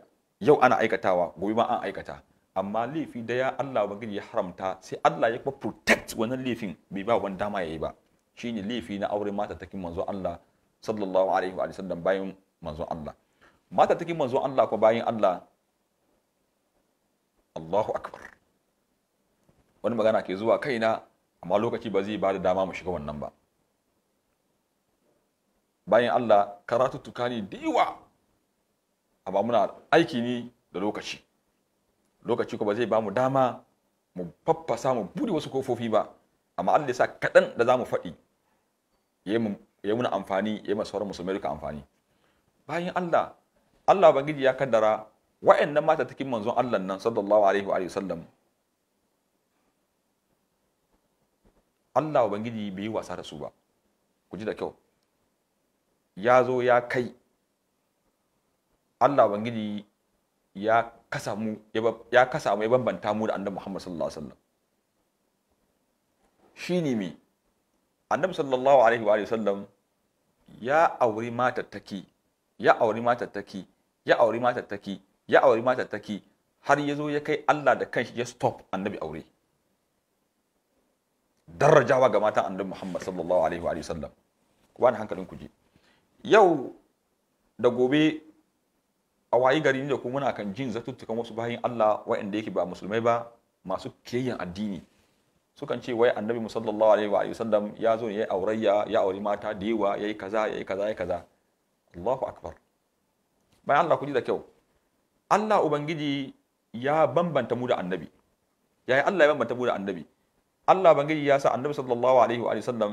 yau ana aikatawa gobe ma an aikata amma laifi da ya Allah ubangiji ya haramta sai Allah ya kuma protect wannan laifin bai ba wani dama yayi ba shine laifi na aure mata takin manzo Allah sallallahu alaihi wa sallam bayan manzo Allah mata takin manzo Allah ko bayan Allah Allahu akbar wani magana ke zuwa kaina amma lokaci ba zai ba da dama mu shiga wannan ba bayan Allah karatu tukani diwa amma muna aiki ne da lokaci lokaci ko ba zai ba mu dama mu faffasa mu buɗe wasu kofofi ba amma Allah ya sa kaɗan da za mu faɗi ya muna amfani ya masu sauran musulmai duka amfani bayan Allah Allah Ubangiji ya kaddara wa'annan mata takin manzon Allah nan sallallahu alaihi wa sallam Allah ubangiji bai yi wasa da su ba ku ji da kyau ya zo ya kai Allah ubangiji ya kasa mu ya kasa mu ya bambanta mu da annabi Muhammad sallallahu alaihi wasallam ne me annabi sallallahu alaihi wa sallam ya auri matattaki ya auri matattaki ya auri matattaki ya auri matattaki har ya zo ya kai Allah da kanshi ya stop annabi aure darajawa ga matan annabi Muhammad sallallahu alaihi wa sallam ku bani hankalin ku je. yau da gobe a wayi gari ne da ku muna kan jin zatuttukan wasu bayin Allah waɗanda yake ba musulmai ba masu kiyayen addini sukan ce wai annabi sallallahu alaihi wa sallam ya zo ne ya aurayya ya auri mata da yawa yayi kaza yayi kaza yayi kaza Allahu akbar bai Allah ku ji da kyau Allah ubangiji ya bambanta mu da annabi yayi Allah ya bambanta mu da annabi Allah bangiji ya sa annabi sallallahu alaihi wa sallam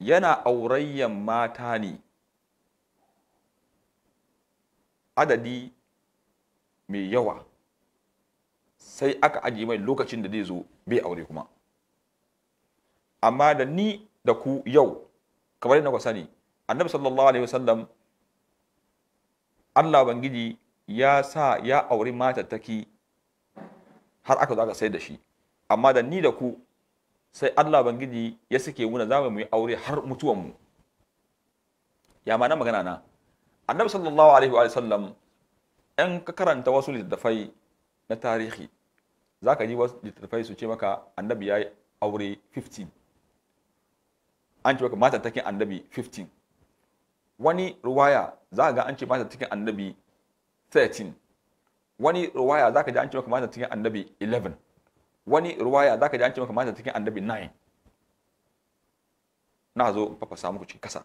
yana aurayyan mata ne adadi mai yawa sai aka aji mai lokacin da zai zo bai aure kuma amma da ni da ku yau kamar yadda ku sani annabi sallallahu alaihi wasallam Allah bangiji ya sa ya aure mata taki har aka zo aka sai da shi amma da ni da ku sai Allah bangiji ya suke muna za mu yi aure har mutuwan mu ya ma na magana na annabi sallallahu alaihi wa sallam in ka karanta wasu littattafai na tarihi za ka ji wasu littattafai su ce maka annabi ya yi aure 15 an ce maka mata takin annabi 15 wani ruwaya za ga an ce mata takin annabi 13 wani ruwaya za ka ji an ce maka mata takin annabi 11 wani ruwaya zaka ji an ce maka mata cikin annabi 9 na zo fafa samu cikin kasa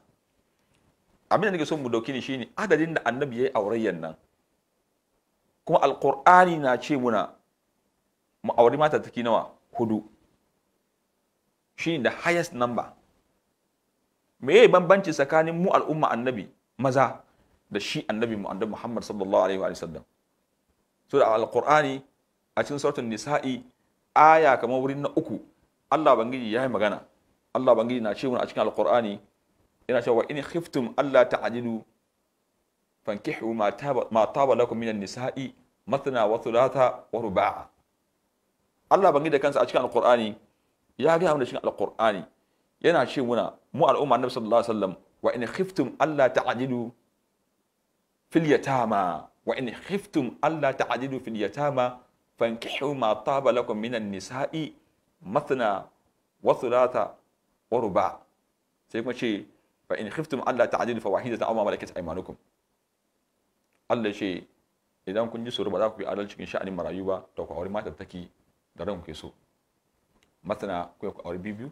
abin da nake so mu dauki ne shine adadin da annabi yayi aurayyan nan kuma alqur'ani na ce muna mu auri mata take nawa hudu shine the highest number me yayi bambanci tsakanin mu al'umma annabi maza da shi annabi mu annabi Muhammad sallallahu alaihi wa sallam so da alqur'ani a cikin suratul nisa'i aya kamar wurin na uku Allah bangiji ya yi magana Allah bangiji na cewa a cikin alqur'ani yana cewa in khiftum Allah ta'dilu fankihu ma taba ma taba lakum minan nisa'i mathna wa thulatha wa ruba'a Allah bangiji da kansa a cikin alqur'ani ya ga mu da cikin alqur'ani yana ce muna mu al'umma annabi sallallahu alaihi wasallam wa in khiftum Allah ta'dilu fil yatama wa in khiftum Allah ta'dilu fil yatama fankihu ma taba lakum minan nisa'i mathna wa thulatha wa ruba sai kuma ce fa in khiftum alla ta'dilu fa wahidatan aw ma malakat aymanukum Allah ce idan kun ji tsoro ba za ku yi adalci cikin sha'anin marayu ba to ku aure matar take da ran ku so mathna ku ku aure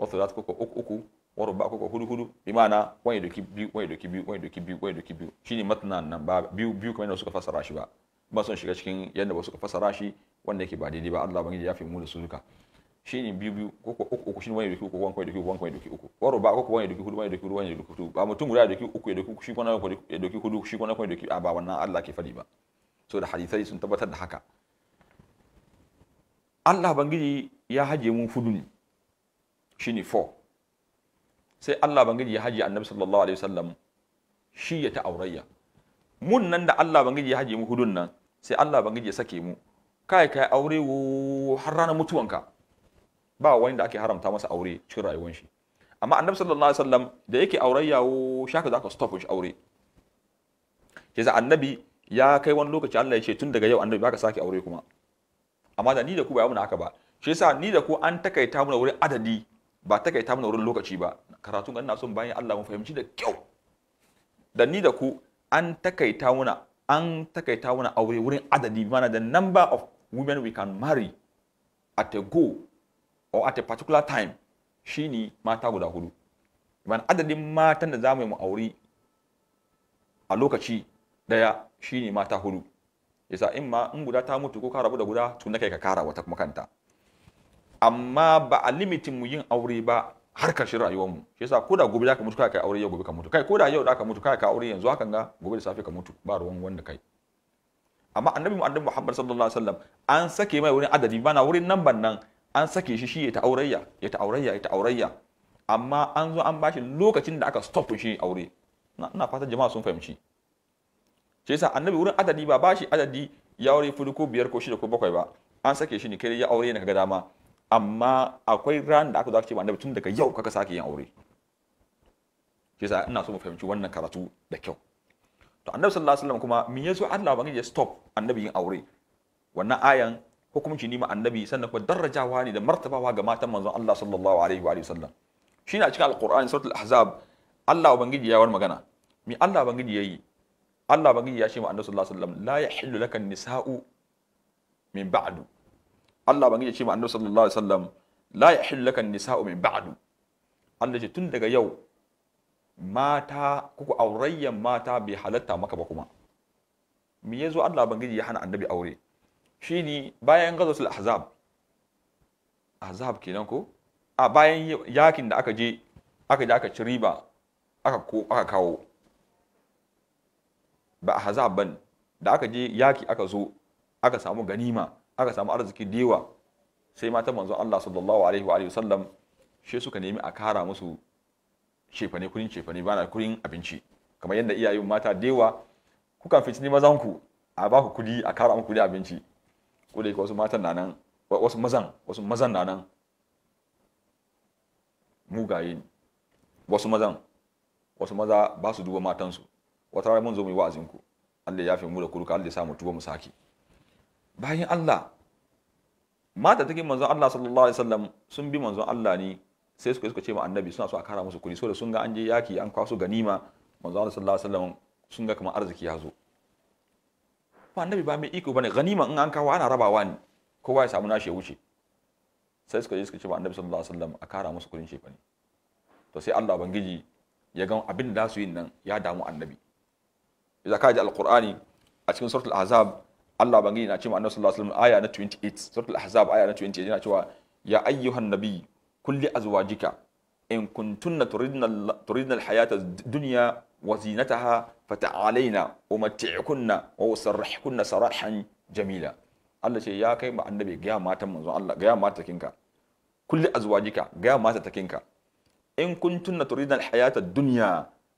wa thulatha ku uku wa ruba ku hudu hudu bi wani doki biyu wani doki biyu wani doki biyu wani doki biyu shine nan ba biyu biyu kamar da suka fasara shi ba ba son shiga cikin yadda wasu fasara shi wanda yake ba daidai ba Allah bangiji ya fi mu da su duka shine biyu biyu ko ko uku uku shine wani doki uku wani kwai doki uku wani kwai doki uku waro ba ko wani doki hudu wani doki hudu wani doki hudu ba mutum guda doki uku ya doki uku shi ko ya doki hudu shi kwana na ko doki a ba wannan Allah ke fadi ba so da hadisai sun tabbatar da haka Allah bangiji ya haje mu fudu ne shine 4 sai Allah bangiji ya haje Annabi sallallahu alaihi wasallam shi ya ta aurayya mun nan da Allah bangiji ya haje mu hudun nan sai Allah bangiji ya sake mu kai kai aure har ranar mutuwanka ba wani da ake haramta masa aure cikin rayuwar shi amma annabi sallallahu alaihi wasallam da yake aurayya wo shaka zaka stop shi aure za annabi ya kai wani lokaci Allah ya ce tun daga yau annabi baka sake aure kuma amma da ni da ku ba muna haka ba shi yasa ni da ku an takaita mana wurin adadi ba takaita mana wurin lokaci ba karatun ina son bayan Allah mu fahimci da kyau da ni da ku an takaita mana an takaita wani aure wurin adadi mana the number of women we can marry at a go or at a particular time shi ne mata guda hudu mana adadin matan da za mu yi aure a lokaci daya ne mata hudu yasa in ma in guda ta mutu ko ka rabu da guda tun kai ka kara wata kuma kanta amma ba a limitin mu yin aure ba har karshen rayuwarmu shi yasa ko da gobe ka mutu kai aure yau gobe ka mutu kai ko da yau za ka mutu kai ka aure yanzu hakan ga gobe da safe ka mutu ba ruwan wanda kai amma annabi mu annabi Muhammad sallallahu alaihi wasallam an sake mai wurin adadi bana wurin nan ban nan an sake shi shi ya ta aurayya ya ta aurayya ya ta aurayya amma an zo an bashi lokacin da aka stop shi aure ina fatan jama'a sun fahimci shi yasa annabi wurin adadi ba bashi adadi ya aure fudu ko biyar ko shida ko bakwai ba an sake shi ne kai ya aure ne kaga dama amma akwai ran da aka zo aka ce ba annabi tun daga yau kaka sake yin aure shi yasa ina so mu fahimci wannan karatu da kyau to annabi sallallahu alaihi wasallam kuma me yaso Allah ba ya stop annabi yin aure wannan ayan hukunci ne ma annabi sannan kuma darajawa ne da martabawa ga matan manzon Allah sallallahu alaihi wa sallam shine a cikin alqur'ani suratul ahzab Allah ubangiji ya war magana me Allah ubangiji yayi Allah ubangiji ya ce ma annabi sallallahu alaihi wasallam la yahillu laka nisa'u min ba'du Allah ban ya ce ma annabi sallallahu alaihi wasallam la yahillu laka nisa'u min ba'du Allah ce tun daga yau mata kuku aurayyan mata bai halatta maka ba kuma me yazo Allah ban ya hana annabi aure shine bayan ghazwatul ahzab ahzab kenan ko a bayan yakin da aka je aka je aka ci riba aka ko aka kawo ba ahzab ban da aka je yaki aka zo aka samu ganima aka samu arziki diwa sai matan manzon Allah sallallahu alaihi wa alihi sallam shi suka nemi a kara musu cefane kurin cefane bana kurin abinci kamar yadda iyayen mata dewa kuka fitini mazan ku a ba ku kudi a kara muku kudi abinci ko da wasu matan nan wasu mazan wasu mazan na nan mugaye wasu mazan wasu maza ba su duba matansu wata rai mun zo mu yi wa'azin ku Allah ya fi mu da kurka Allah ya sa mu tuba mu saki bayan Allah mata take manzon Allah sallallahu alaihi wasallam sun bi manzon Allah ne sai suka suka ce ma annabi suna so a kara musu kuɗi saboda sun ga an je yaki an kwaso ganima manzon Allah sallallahu alaihi wasallam sun ga kamar arziki ya zo ba annabi ba mai iko bane ganima in an kawo ana rabawa ne kowa ya samu nashi ya wuce sai suka je suka ce ma annabi sallallahu alaihi wasallam a kara musu kuɗin shefa ne to sai Allah ubangiji ya ga abin da su yi nan ya damu annabi idan ka ji alqur'ani a cikin suratul ahzab Allah bangi na cewa Annabi sallallahu alaihi wasallam aya na 28 suratul ahzab aya na 28 yana cewa ya ayyuhan nabi kulli azwajika in kuntunna turidna turidna alhayata ad-dunya wa zinataha fata'alaina umatti'kunna wa usarrihkunna sarahan jamila Allah ce ya kai ma annabi ga matan manzon Allah ga mata kinka kulli azwajika ga mata takinka in kuntunna turidna alhayata ad-dunya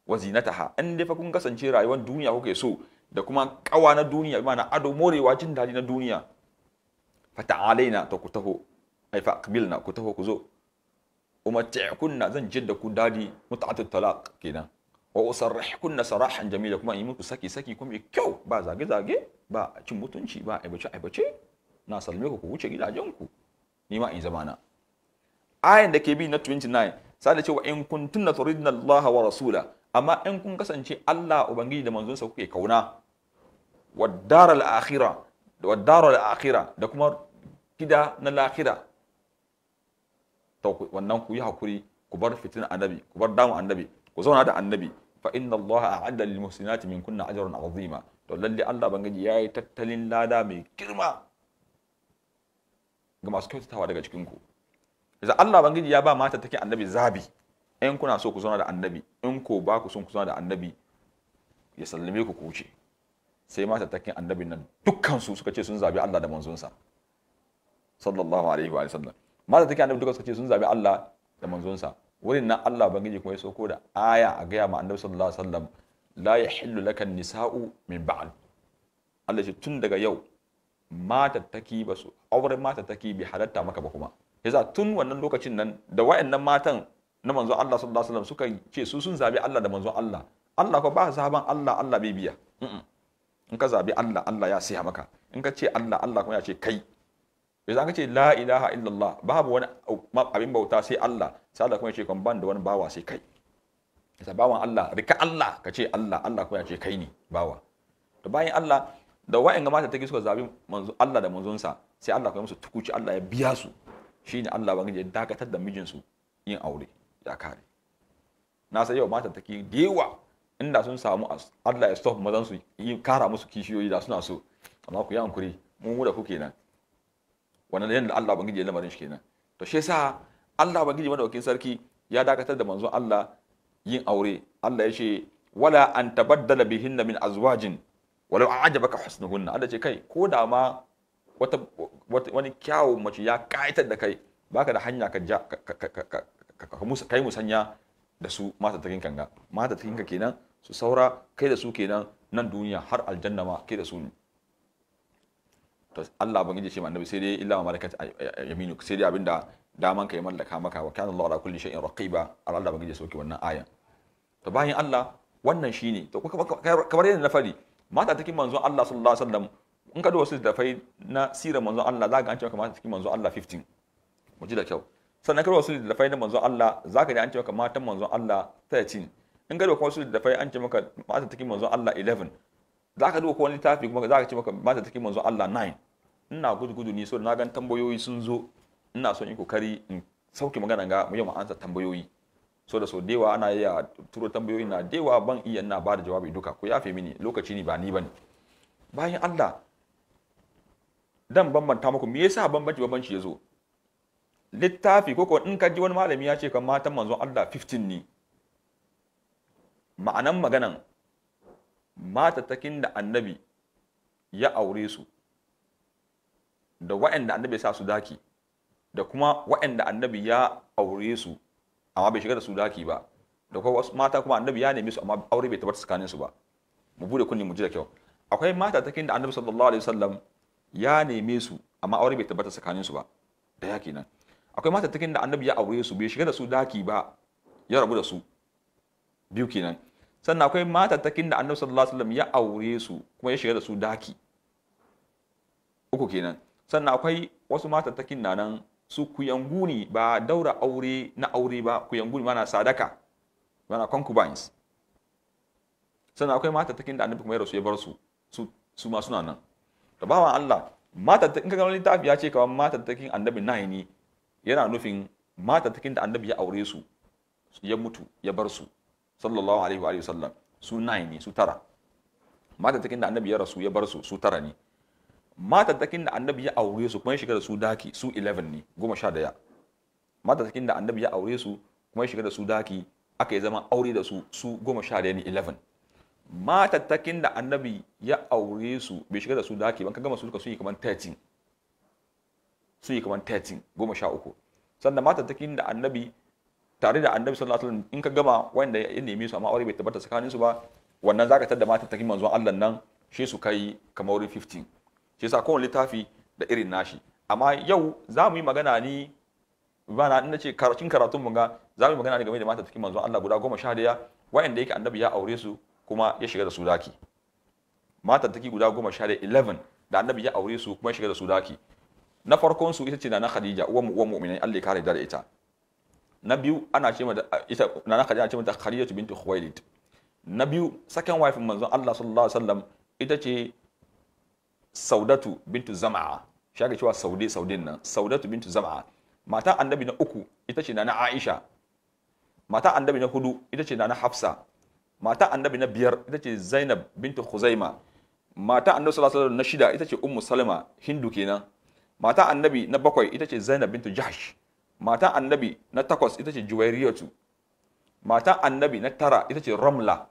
wa zinataha in dai fa kun kasance rayuwar duniya kuke so da kuma kawa na duniya bi ma'ana ado morewa jin daɗi na duniya alaina to ku taho ai fa aqbilna ku taho ku zo kunna zan da ku dadi mut'atut talaq kenan wa usarrihkunna sarahan jamila kuma yi muku saki saki kuma kyau ba zage zage ba cin mutunci ba aibace aibace na salme ku ku wuce gidajen ku ni ma in zama na ayan da ke bi na 29 sai da cewa in kuntunna turidna Allah wa rasula amma in kun kasance Allah ubangiji da manzonsa kuke kauna wadar al-akhira da kuma gida na lahira to wannan ku yi hakuri ku bar fitin annabi ku bar damu annabi ku zauna da annabi fa inna allaha a'adda lil muhsinati min kunna ajran azima to lalle Allah bangaji yayi tattalin lada mai girma ga masu kyautatawa daga cikin ku idan Allah bangaji ya ba mata take annabi zabi in kuna so ku zauna da annabi in ko ba ku son ku zauna da annabi ya sallame ku ku wuce sai mata takin annabin nan dukkan su suka ce sun zabi Allah da manzonsa sallallahu alaihi wa sallam mata takin annabi dukkan suka ce sun zabi Allah da manzonsa wurin nan Allah bangiji kuma ya sauko da aya a gaya ma annabi sallallahu alaihi wasallam la yahillu laka nisa'u min ba'd Allah ce tun daga yau mata taki ba su auren mata taki bi halatta maka ba kuma yasa tun wannan lokacin nan da wayannan matan na manzon Allah sallallahu alaihi wasallam suka ce su sun zabi Allah da manzon Allah Allah ko ba sahaban Allah Allah bai biya in ka zabi Allah Allah ya siya maka in ka ce Allah Allah kuma ya ce kai Yanzu an ka ce la ilaha illallah babu wani abin bauta sai Allah sai Allah kuma ya ce kan ban da wani bawa sai kai yasa bawan Allah rika Allah ka ce Allah Allah kuma ya ce kai ne bawa to bayan Allah da wa'in mata take suka zabi manzo Allah da manzonsa sai Allah kuma musu tukuci Allah ya biya su shine Allah bangiji ya dakatar da mijinsu yin aure ya kare na sai yau mata take dewa inda sun samu Allah ya stop mazan su yi kara musu kishiyoyi da suna so amma ku yi hankuri mun mu da ku kenan wannan da yanda Allah bangiji ya lamarin shi kenan to shi yasa Allah bangiji madaukakin sarki ya dakatar da manzon Allah yin aure Allah ya ce wala an tabaddala bihin min azwajin walau a'jabaka husnuhunna Allah ce kai ko da ma wata wani kyawun mace ya kaitar da kai baka da hanya ka ja ka ka musanya da su mata ka ka ka ka ka kenan su saura kai da su kenan nan duniya har aljanna ma kai da su ne to Allah ban ce ma annabi sai dai illa malakat yaminu sai dai abinda daman ka ya mallaka maka wa kana Allah ala kulli shay'in raqiba Allah ban gije sauke wannan ayan to bayan Allah wannan shine to kamar yadda na fari mata take manzon Allah sallallahu alaihi wasallam in ka duba su da fai na sirar manzon Allah za ka an cewa kamata take manzon Allah 15 mu ji da kyau sannan ka duba su da fai na manzon Allah za ka ji an cewa kamata manzon Allah 13 in ka dauka da fai an ce maka mata take manzon Allah 11 za ka duka wani littafi kuma za ka ce maka mata take manzon Allah 9 ina gudu gudu ni so na gan tambayoyi sun zo ina son in kokari in sauke magana ga mu yi mu ansa tambayoyi so da so dewa ana iya turo tambayoyi na dewa ban iya ina ba da jawabi duka ku yafe mini lokaci ne ba ni bane bayan Allah dan bambanta muku me yasa bambanci bambanci ya zo littafi ko in ka ji wani malami ya ce kan matan manzon Allah 15 ne ma'anan maganan matatakin da annabi ya aure su da wa'anda annabi ya sa su daki da kuma wa'anda annabi ya aure su amma bai shiga da su daki ba da kuma wasu mata kuma annabi ya nemi su amma aure bai tabbata tsakanin su ba mu bude kunni mu ji da kyau akwai matattakin da annabi sallallahu alaihi wasallam ya neme su amma aure bai tabbata tsakanin su ba da ya nan. akwai matattakin da annabi ya aure su bai shiga da su daki ba ya rabu da su biyu kenan sannan akwai matattakin da annabi sallallahu alaihi wasallam ya aure su kuma ya shiga da su daki uku kenan sannan akwai wasu matattakin na nan su kuyangu ne ba daura aure na aure ba kuyangu ne mana sadaka mana concubines sannan akwai matattakin da annabi kuma ya rasu ya bar su su ma suna nan da bawa Allah matattakin kaga wani tafi ya ce kawai matattakin annabi nahi ne yana nufin matattakin da annabi ya aure su ya mutu ya bar su sallallahu alaihi wa sallam su nine ne su tara takin da annabi ya rasu ya bar su su tara ne takin da annabi ya aure su kuma shiga da su daki su 11 ne goma sha daya matattakin da annabi ya aure su kuma shiga da su daki aka yi zama aure da su su goma sha daya ne 11 takin da annabi ya aure su bai shiga da su daki ban ka gama su suka su yi kamar 13 Su yi kamar 13 goma sha uku sannan matattakin da annabi tare da annabi sallallahu alaihi wasallam in ka gama wanda ya nemi su amma aure bai tabbata tsakanin su ba wannan zaka tada mata ta manzon Allah nan shi su kai kamar wurin 15 shi yasa kowane littafi da irin nashi amma yau za mu yi magana ni bana ina ce karatun karatun mun ga za mu yi magana ne game da mata takin manzon Allah guda goma sha daya wa'anda yake annabi ya aure su kuma ya shiga da su daki mata take guda goma sha daya 11 da annabi ya aure su kuma ya shiga da su daki na farkon su ita ce na Khadija uwan mu'minin Allah ya kare da ita na biyu ana ce mata ita nana khadija ana ce mata khadijatu bint khuwailid na biyu second wife manzon Allah sallallahu alaihi wasallam ita ce saudatu bint zama'a shi ake cewa saude saudin nan saudatu bint zama'a mata annabi na uku ita ce nana aisha mata annabi na hudu ita ce nana hafsa mata annabi na biyar ita ce zainab bint khuzaima mata annabi sallallahu alaihi wasallam na shida ita ce ummu Salama hindu kenan mata annabi na bakwai ita ce zainab bint jahsh mata annabi na takwas ita ce juwairiyatu mata annabi na tara ita ce ramla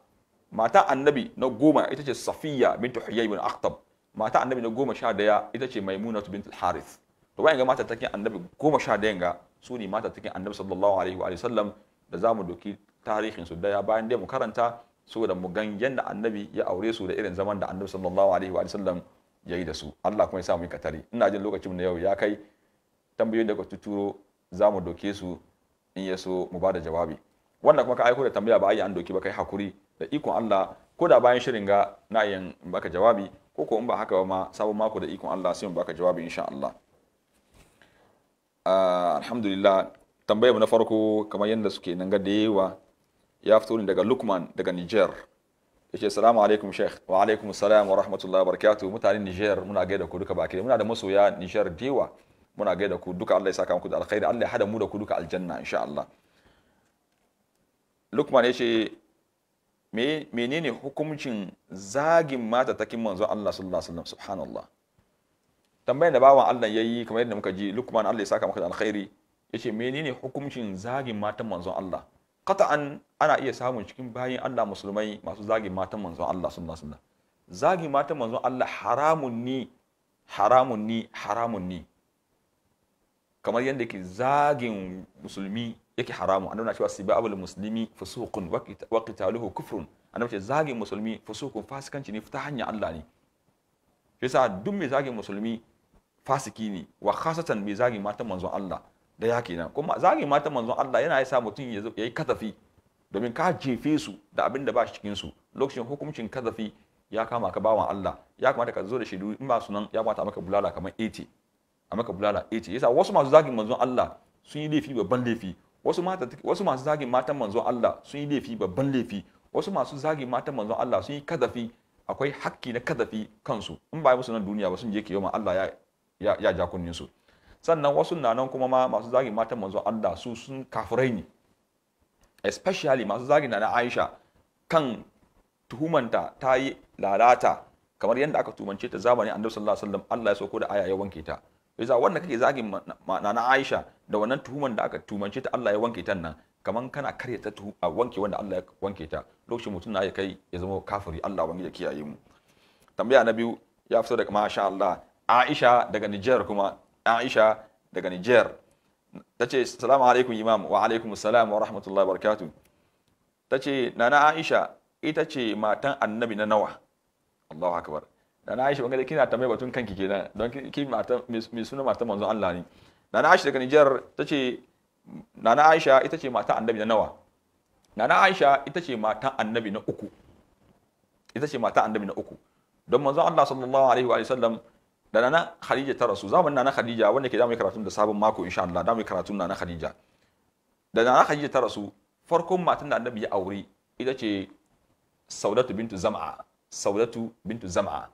mata annabi na goma ita ce safiya bintu huyay bin aktab mata annabi na goma sha daya ita ce maimunatu bintu harith to wayan ga mata takin annabi goma sha daya ga su ne mata takin annabi sallallahu alaihi wa sallam da zamu doki tarihin su daya bayan dai mu karanta saboda mu gan yanda annabi ya aure su da irin zaman da annabi sallallahu alaihi wa sallam ya yi da su Allah kuma ya sa mu katari ina jin lokacin na yau ya kai tambayoyin da ka tuturo za mu doke su in ya so mu ba da jawabi wanda kuma ka aiko da tambaya ba a yi an doki ba kai hakuri da ikon Allah ko da bayan shirin ga na yin baka jawabi ko ko in ba haka ba ma sabon mako da ikon Allah sai mu baka jawabi insha Allah ah, alhamdulillah tambayar na farko kamar yadda suke nan ga da yawa ya fito ne daga Lukman daga Niger yace assalamu alaikum sheikh wa alaikum assalam wa rahmatullahi wa barakatuh mutanen Niger muna gaida ku duka baki muna da masoya Niger dewa muna gaida ku duka Allah ya saka muku da alkhairi Allah ya hada mu da ku duka aljanna insha Allah Lukman ya ce menene hukuncin zagin mata takin manzo Allah sallallahu alaihi wasallam subhanallah tambayar da bawan Allah yayi kamar yadda muka ji Lukman Allah ya saka muku da alkhairi yace menene hukuncin zagin matan manzon Allah qata'an ana iya samun cikin bayin Allah musulmai masu zagin matan manzon Allah sallallahu alaihi wasallam zagin matan manzon Allah haramun ni haramun ni haramun ni kamar yadda yake zagin musulmi yake haramu annabi na cewa sibabul muslimi fusuqun wa qitaluhu kufrun annabi ce zagin musulmi fusuqun fasikanci ne ta hanyar Allah ne shi yasa duk mai zagin musulmi fasiki ne wa khasatan mai zagin matan manzon Allah da ya kenan kuma zagin matan manzon Allah yana yasa mutum ya yi kazafi domin ka jefe su da abin da ba shi cikin su lokacin hukuncin kazafi ya kama ka bawan Allah ya kamata ka zo da shaidu in ba sunan ya kamata maka bulala kamar 80 a maka bulala ɗaya eh ce yasa wasu masu zagin manzon Allah sun yi laifi babban laifi wasu mata wasu masu zagin matan manzon Allah sun yi laifi babban laifi wasu masu zagin matan manzon Allah sun yi kadafi akwai hakki na kadafi kansu in ba musu nan duniya ba sun je kiyama Allah ya ya, ya ja kunnin su sannan wasu na nan kuma ma masu zagin matan manzon Allah su sun kafirai ne especially masu zagin na Aisha kan tuhumanta ta yi lalata kamar yadda aka tumance ta zamanin annabi sallallahu alaihi wasallam Allah ya sauko da aya ya wanke ta yasa wanda kake zagin na Aisha da wannan tuhuman da aka tumance ta Allah ya wanke ta nan kaman kana karya ta a wanke wanda Allah ya wanke ta lokacin mutum na ya kai ya zama kafiri Allah wani ya kiyaye mu tambaya na biyu ya fito daga masha Allah Aisha daga Niger kuma Aisha daga Niger tace assalamu alaikum imam wa alaikum assalam wa rahmatullahi wa barakatuh tace nana Aisha ita ce matan annabi na nawa Allahu akbar da na aishi bangare kina tambaye batun kanki kenan don ki mata mai suna mata manzon Allah ne da na Aisha daga Nijar tace na na Aisha ita ce mata annabi na nawa na na Aisha ita ce mata annabi na uku ita ce mata annabi na uku don manzon Allah sallallahu alaihi wa sallam da nana Khadija ta rasu zaman nana Khadija wanda ke zamu karatu da sabon mako insha Allah zamu karatu nana Khadija da nana Khadija ta rasu farkon matan da Annabi ya aure ita ce Saudatu bintu Zam'a Saudatu bintu Zam'a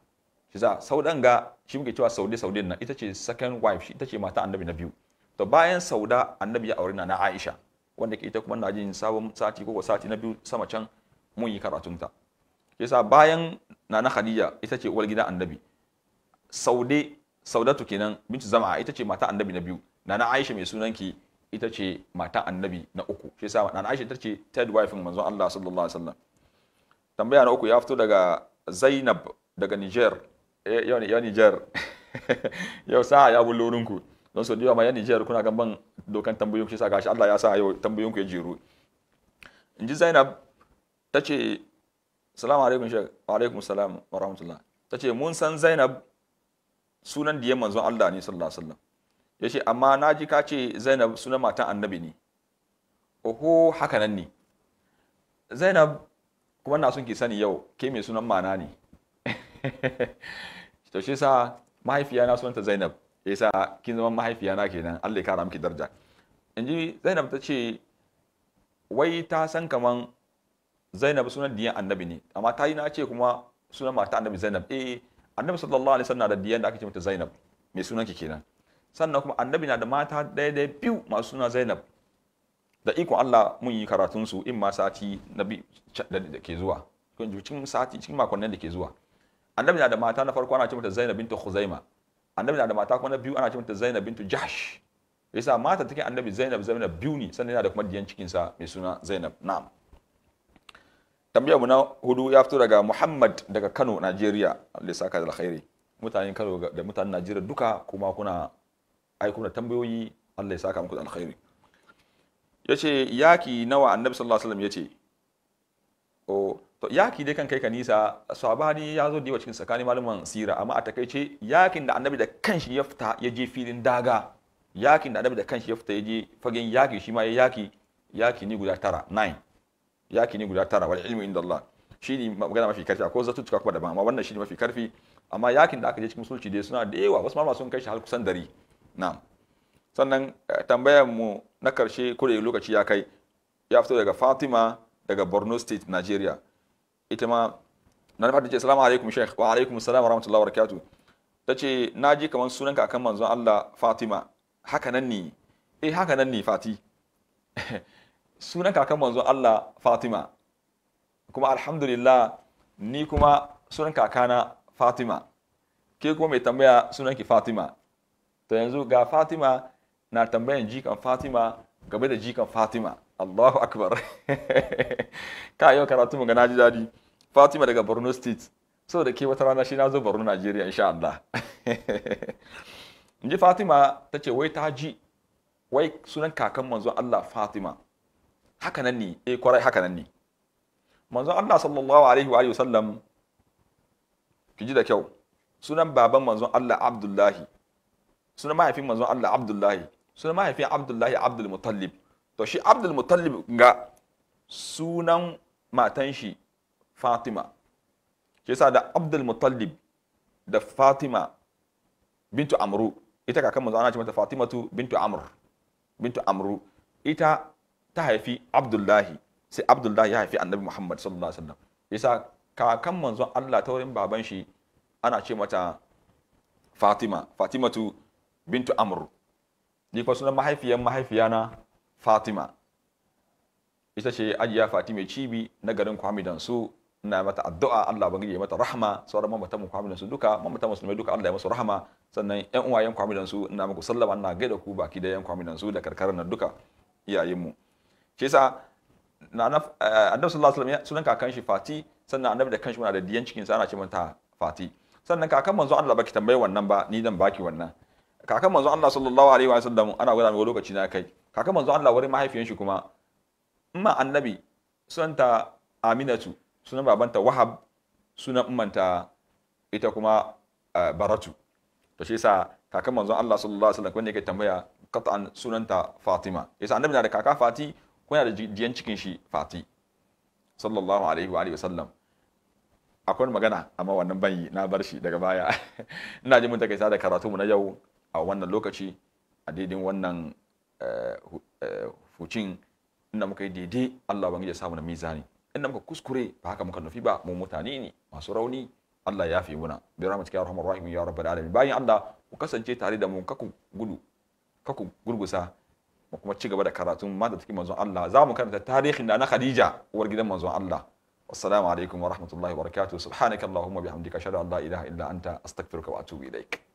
za saudan ga shi muke cewa saudi saudi nan ita ce second wife shi ita ce mata annabi na biyu to bayan sauda annabi ya aure na aisha wanda ke ita kuma na jin sabon sati ko sati na biyu sama can mun yi karatunta yasa bayan nana khadija ita ce uwar gida annabi saude saudatu kenan bintu zama ita ce mata annabi na biyu nana aisha mai sunan ki ita ce mata annabi na uku shi yasa nana aisha ita ce third wife manzon Allah sallallahu alaihi wasallam tambaya na uku ya fito daga Zainab daga Niger ya Nijar yau sa ya bullo ninku don so diwa ma ya Nijar kuna gan ban dokan tambayoyin shi sa gashi Allah ya sa yau tambayoyin ku ya jiru. in ji Zainab ta ce salamu alaikum shek wa alaikum salam wa rahmatullah ta ce mun san Zainab sunan diyan manzon Allah ne sallallahu alaihi wasallam ya ce amma na ji ka ce Zainab sunan matan annabi ne oho haka nan ne Zainab kuma na son ki sani yau ke mai sunan mana ne to shi sa mahaifiya na sunanta Zainab yasa kin zama mahaifiya na kenan Allah ya kara miki daraja inji Zainab ta ce wai ta san kaman Zainab sunan diyan annabi ne amma ta yi na ce kuma sunan mata annabi Zainab eh annabi sallallahu alaihi wasallam na da diyan da aka ce mata Zainab mai sunan ki kenan sannan kuma annabi na da mata daidai biyu masu suna Zainab da iko Allah mun yi karatun su in ma sati na da ke zuwa cikin sati cikin makonnin da ke zuwa annabi na da mata na farko ana ce mata zainab bintu khuzaima annabi na da mata kuma na biyu ana ce mata zainab bintu jahsh yasa mata take annabi zainab zainab biyu ne sannan yana da kuma diyan cikin sa mai suna zainab na'am tambayar mu na hudu ya fito daga muhammad daga kano najeriya allah ya saka da alkhairi mutanen kano da mutanen najeriya duka kuma kuna aiko da tambayoyi allah ya saka muku da alkhairi yace yaki nawa annabi sallallahu alaihi wasallam yace oh, to yaki dai kan kai ka nisa sabani ya zo diwa cikin tsakanin malaman sira amma a takaice yakin da annabi da kanshi ya fita ya je filin daga yakin da annabi da kanshi ya fita ya je fagen yaki shi ma ya yaki yaki ni guda tara nine yaki ni guda tara wal ilmu inda Allah shi ne magana mafi karfi akwai tuka kuma daban amma wannan shi ne mafi karfi amma yakin da aka je cikin sulci dai suna da yawa wasu ma sun kai shi har kusan dari na'am sannan eh, tambayar mu na karshe kure lokaci ya kai ya fito daga Fatima daga Borno State Nigeria ita ma na nufa ta ce salamu alaikum sheikh wa alaikum salam wa rahmatullahi wa barakatuh ta ce na ji kamar sunanka akan manzon Allah Fatima haka nan ni eh haka nan ni Fati sunanka akan manzon Allah Fatima kuma alhamdulillah ni kuma sunan kakana Fatima ke kuma mai tambaya sunanki Fatima to yanzu ga Fatima na tambayan jikan Fatima game da jikan Fatima Allahu akbar ka yau karatu mu ga naji dadi Fatima daga Borno State so da ke wata rana shi na zo Borno Najeriya insha Allah inji Fatima ta ce wai ta ji wai sunan kakan manzon Allah Fatima haka nan ne eh kwarai haka nan ne manzon Allah sallallahu alaihi wa sallam ki ji da kyau sunan baban manzon Allah Abdullahi sunan mahaifin manzon Allah Abdullahi sunan mahaifin Abdullahi Abdul Muttalib to shi abdul mutallib ga sunan matan shi fatima shi yasa da abdul mutallib da fatima bintu amru ita kakan manzo ana ce mata fatimatu bintu amr bintu amru ita ta haifi abdullahi sai abdullahi ya haifi annabi muhammad sallallahu alaihi wasallam yasa kakan manzon Allah ta wurin baban shi ana ce mata fatima fatimatu bintu Amru. ni fa sunan mahaifiyan mahaifiyana Fatima ita ce ajiya Fatima Cibi na garin Kwamidan su ina mata addu'a Allah bangiji ya mata rahma sauran mamatan mu Kwamidan su duka mamatan musulmai duka Allah ya masu rahma sannan ƴan uwayen Kwamidan su ina muku sallama ina gaida ku baki da ƴan Kwamidan su da karkarar nan duka iyayen mu shi yasa eh, annabi sallallahu alaihi wasallam sunan kakan shi Fati sannan annabi da kanshi muna da diyan cikin sa ana ce mata Fati sannan kakan manzo Allah baki tambaye wannan ba ni dan baki wannan kakan manzo Allah sallallahu alaihi wasallam ana gwada mai lokaci na kai kaka manzo Allah wurin mahaifiyan shi kuma umma annabi sunanta Aminatu sunan babanta Wahab sunan ummanta ita kuma Baratu to shi yasa kakan manzo Allah sallallahu alaihi wasallam wanda yake tambaya qat'an sunanta Fatima yasa annabi na da kaka Fati ko yana da jiyan cikin shi Fati sallallahu alaihi wa alihi wasallam akwai magana amma wannan ban na bar shi daga baya ina ji mun take da karatu mu na yau a wannan lokaci a daidin wannan hucin inda muka yi daidai Allah ubangiji ya samu na mizani inda muka kuskure ba haka muka nufi ba mu mutane ne masu rauni Allah ya fi muna bi rahmatika ya rahmar rahim ya rabbal alamin bayan Allah ku kasance tare da mu kaku gudu kaku gurgusa mu kuma ci gaba da karatun mata take manzon Allah za mu karanta tarihin da na Khadija uwar gidan manzon Allah assalamu alaikum wa rahmatullahi wa barakatuh allahumma bihamdika ashhadu an la ilaha illa anta astaghfiruka wa atubu ilaik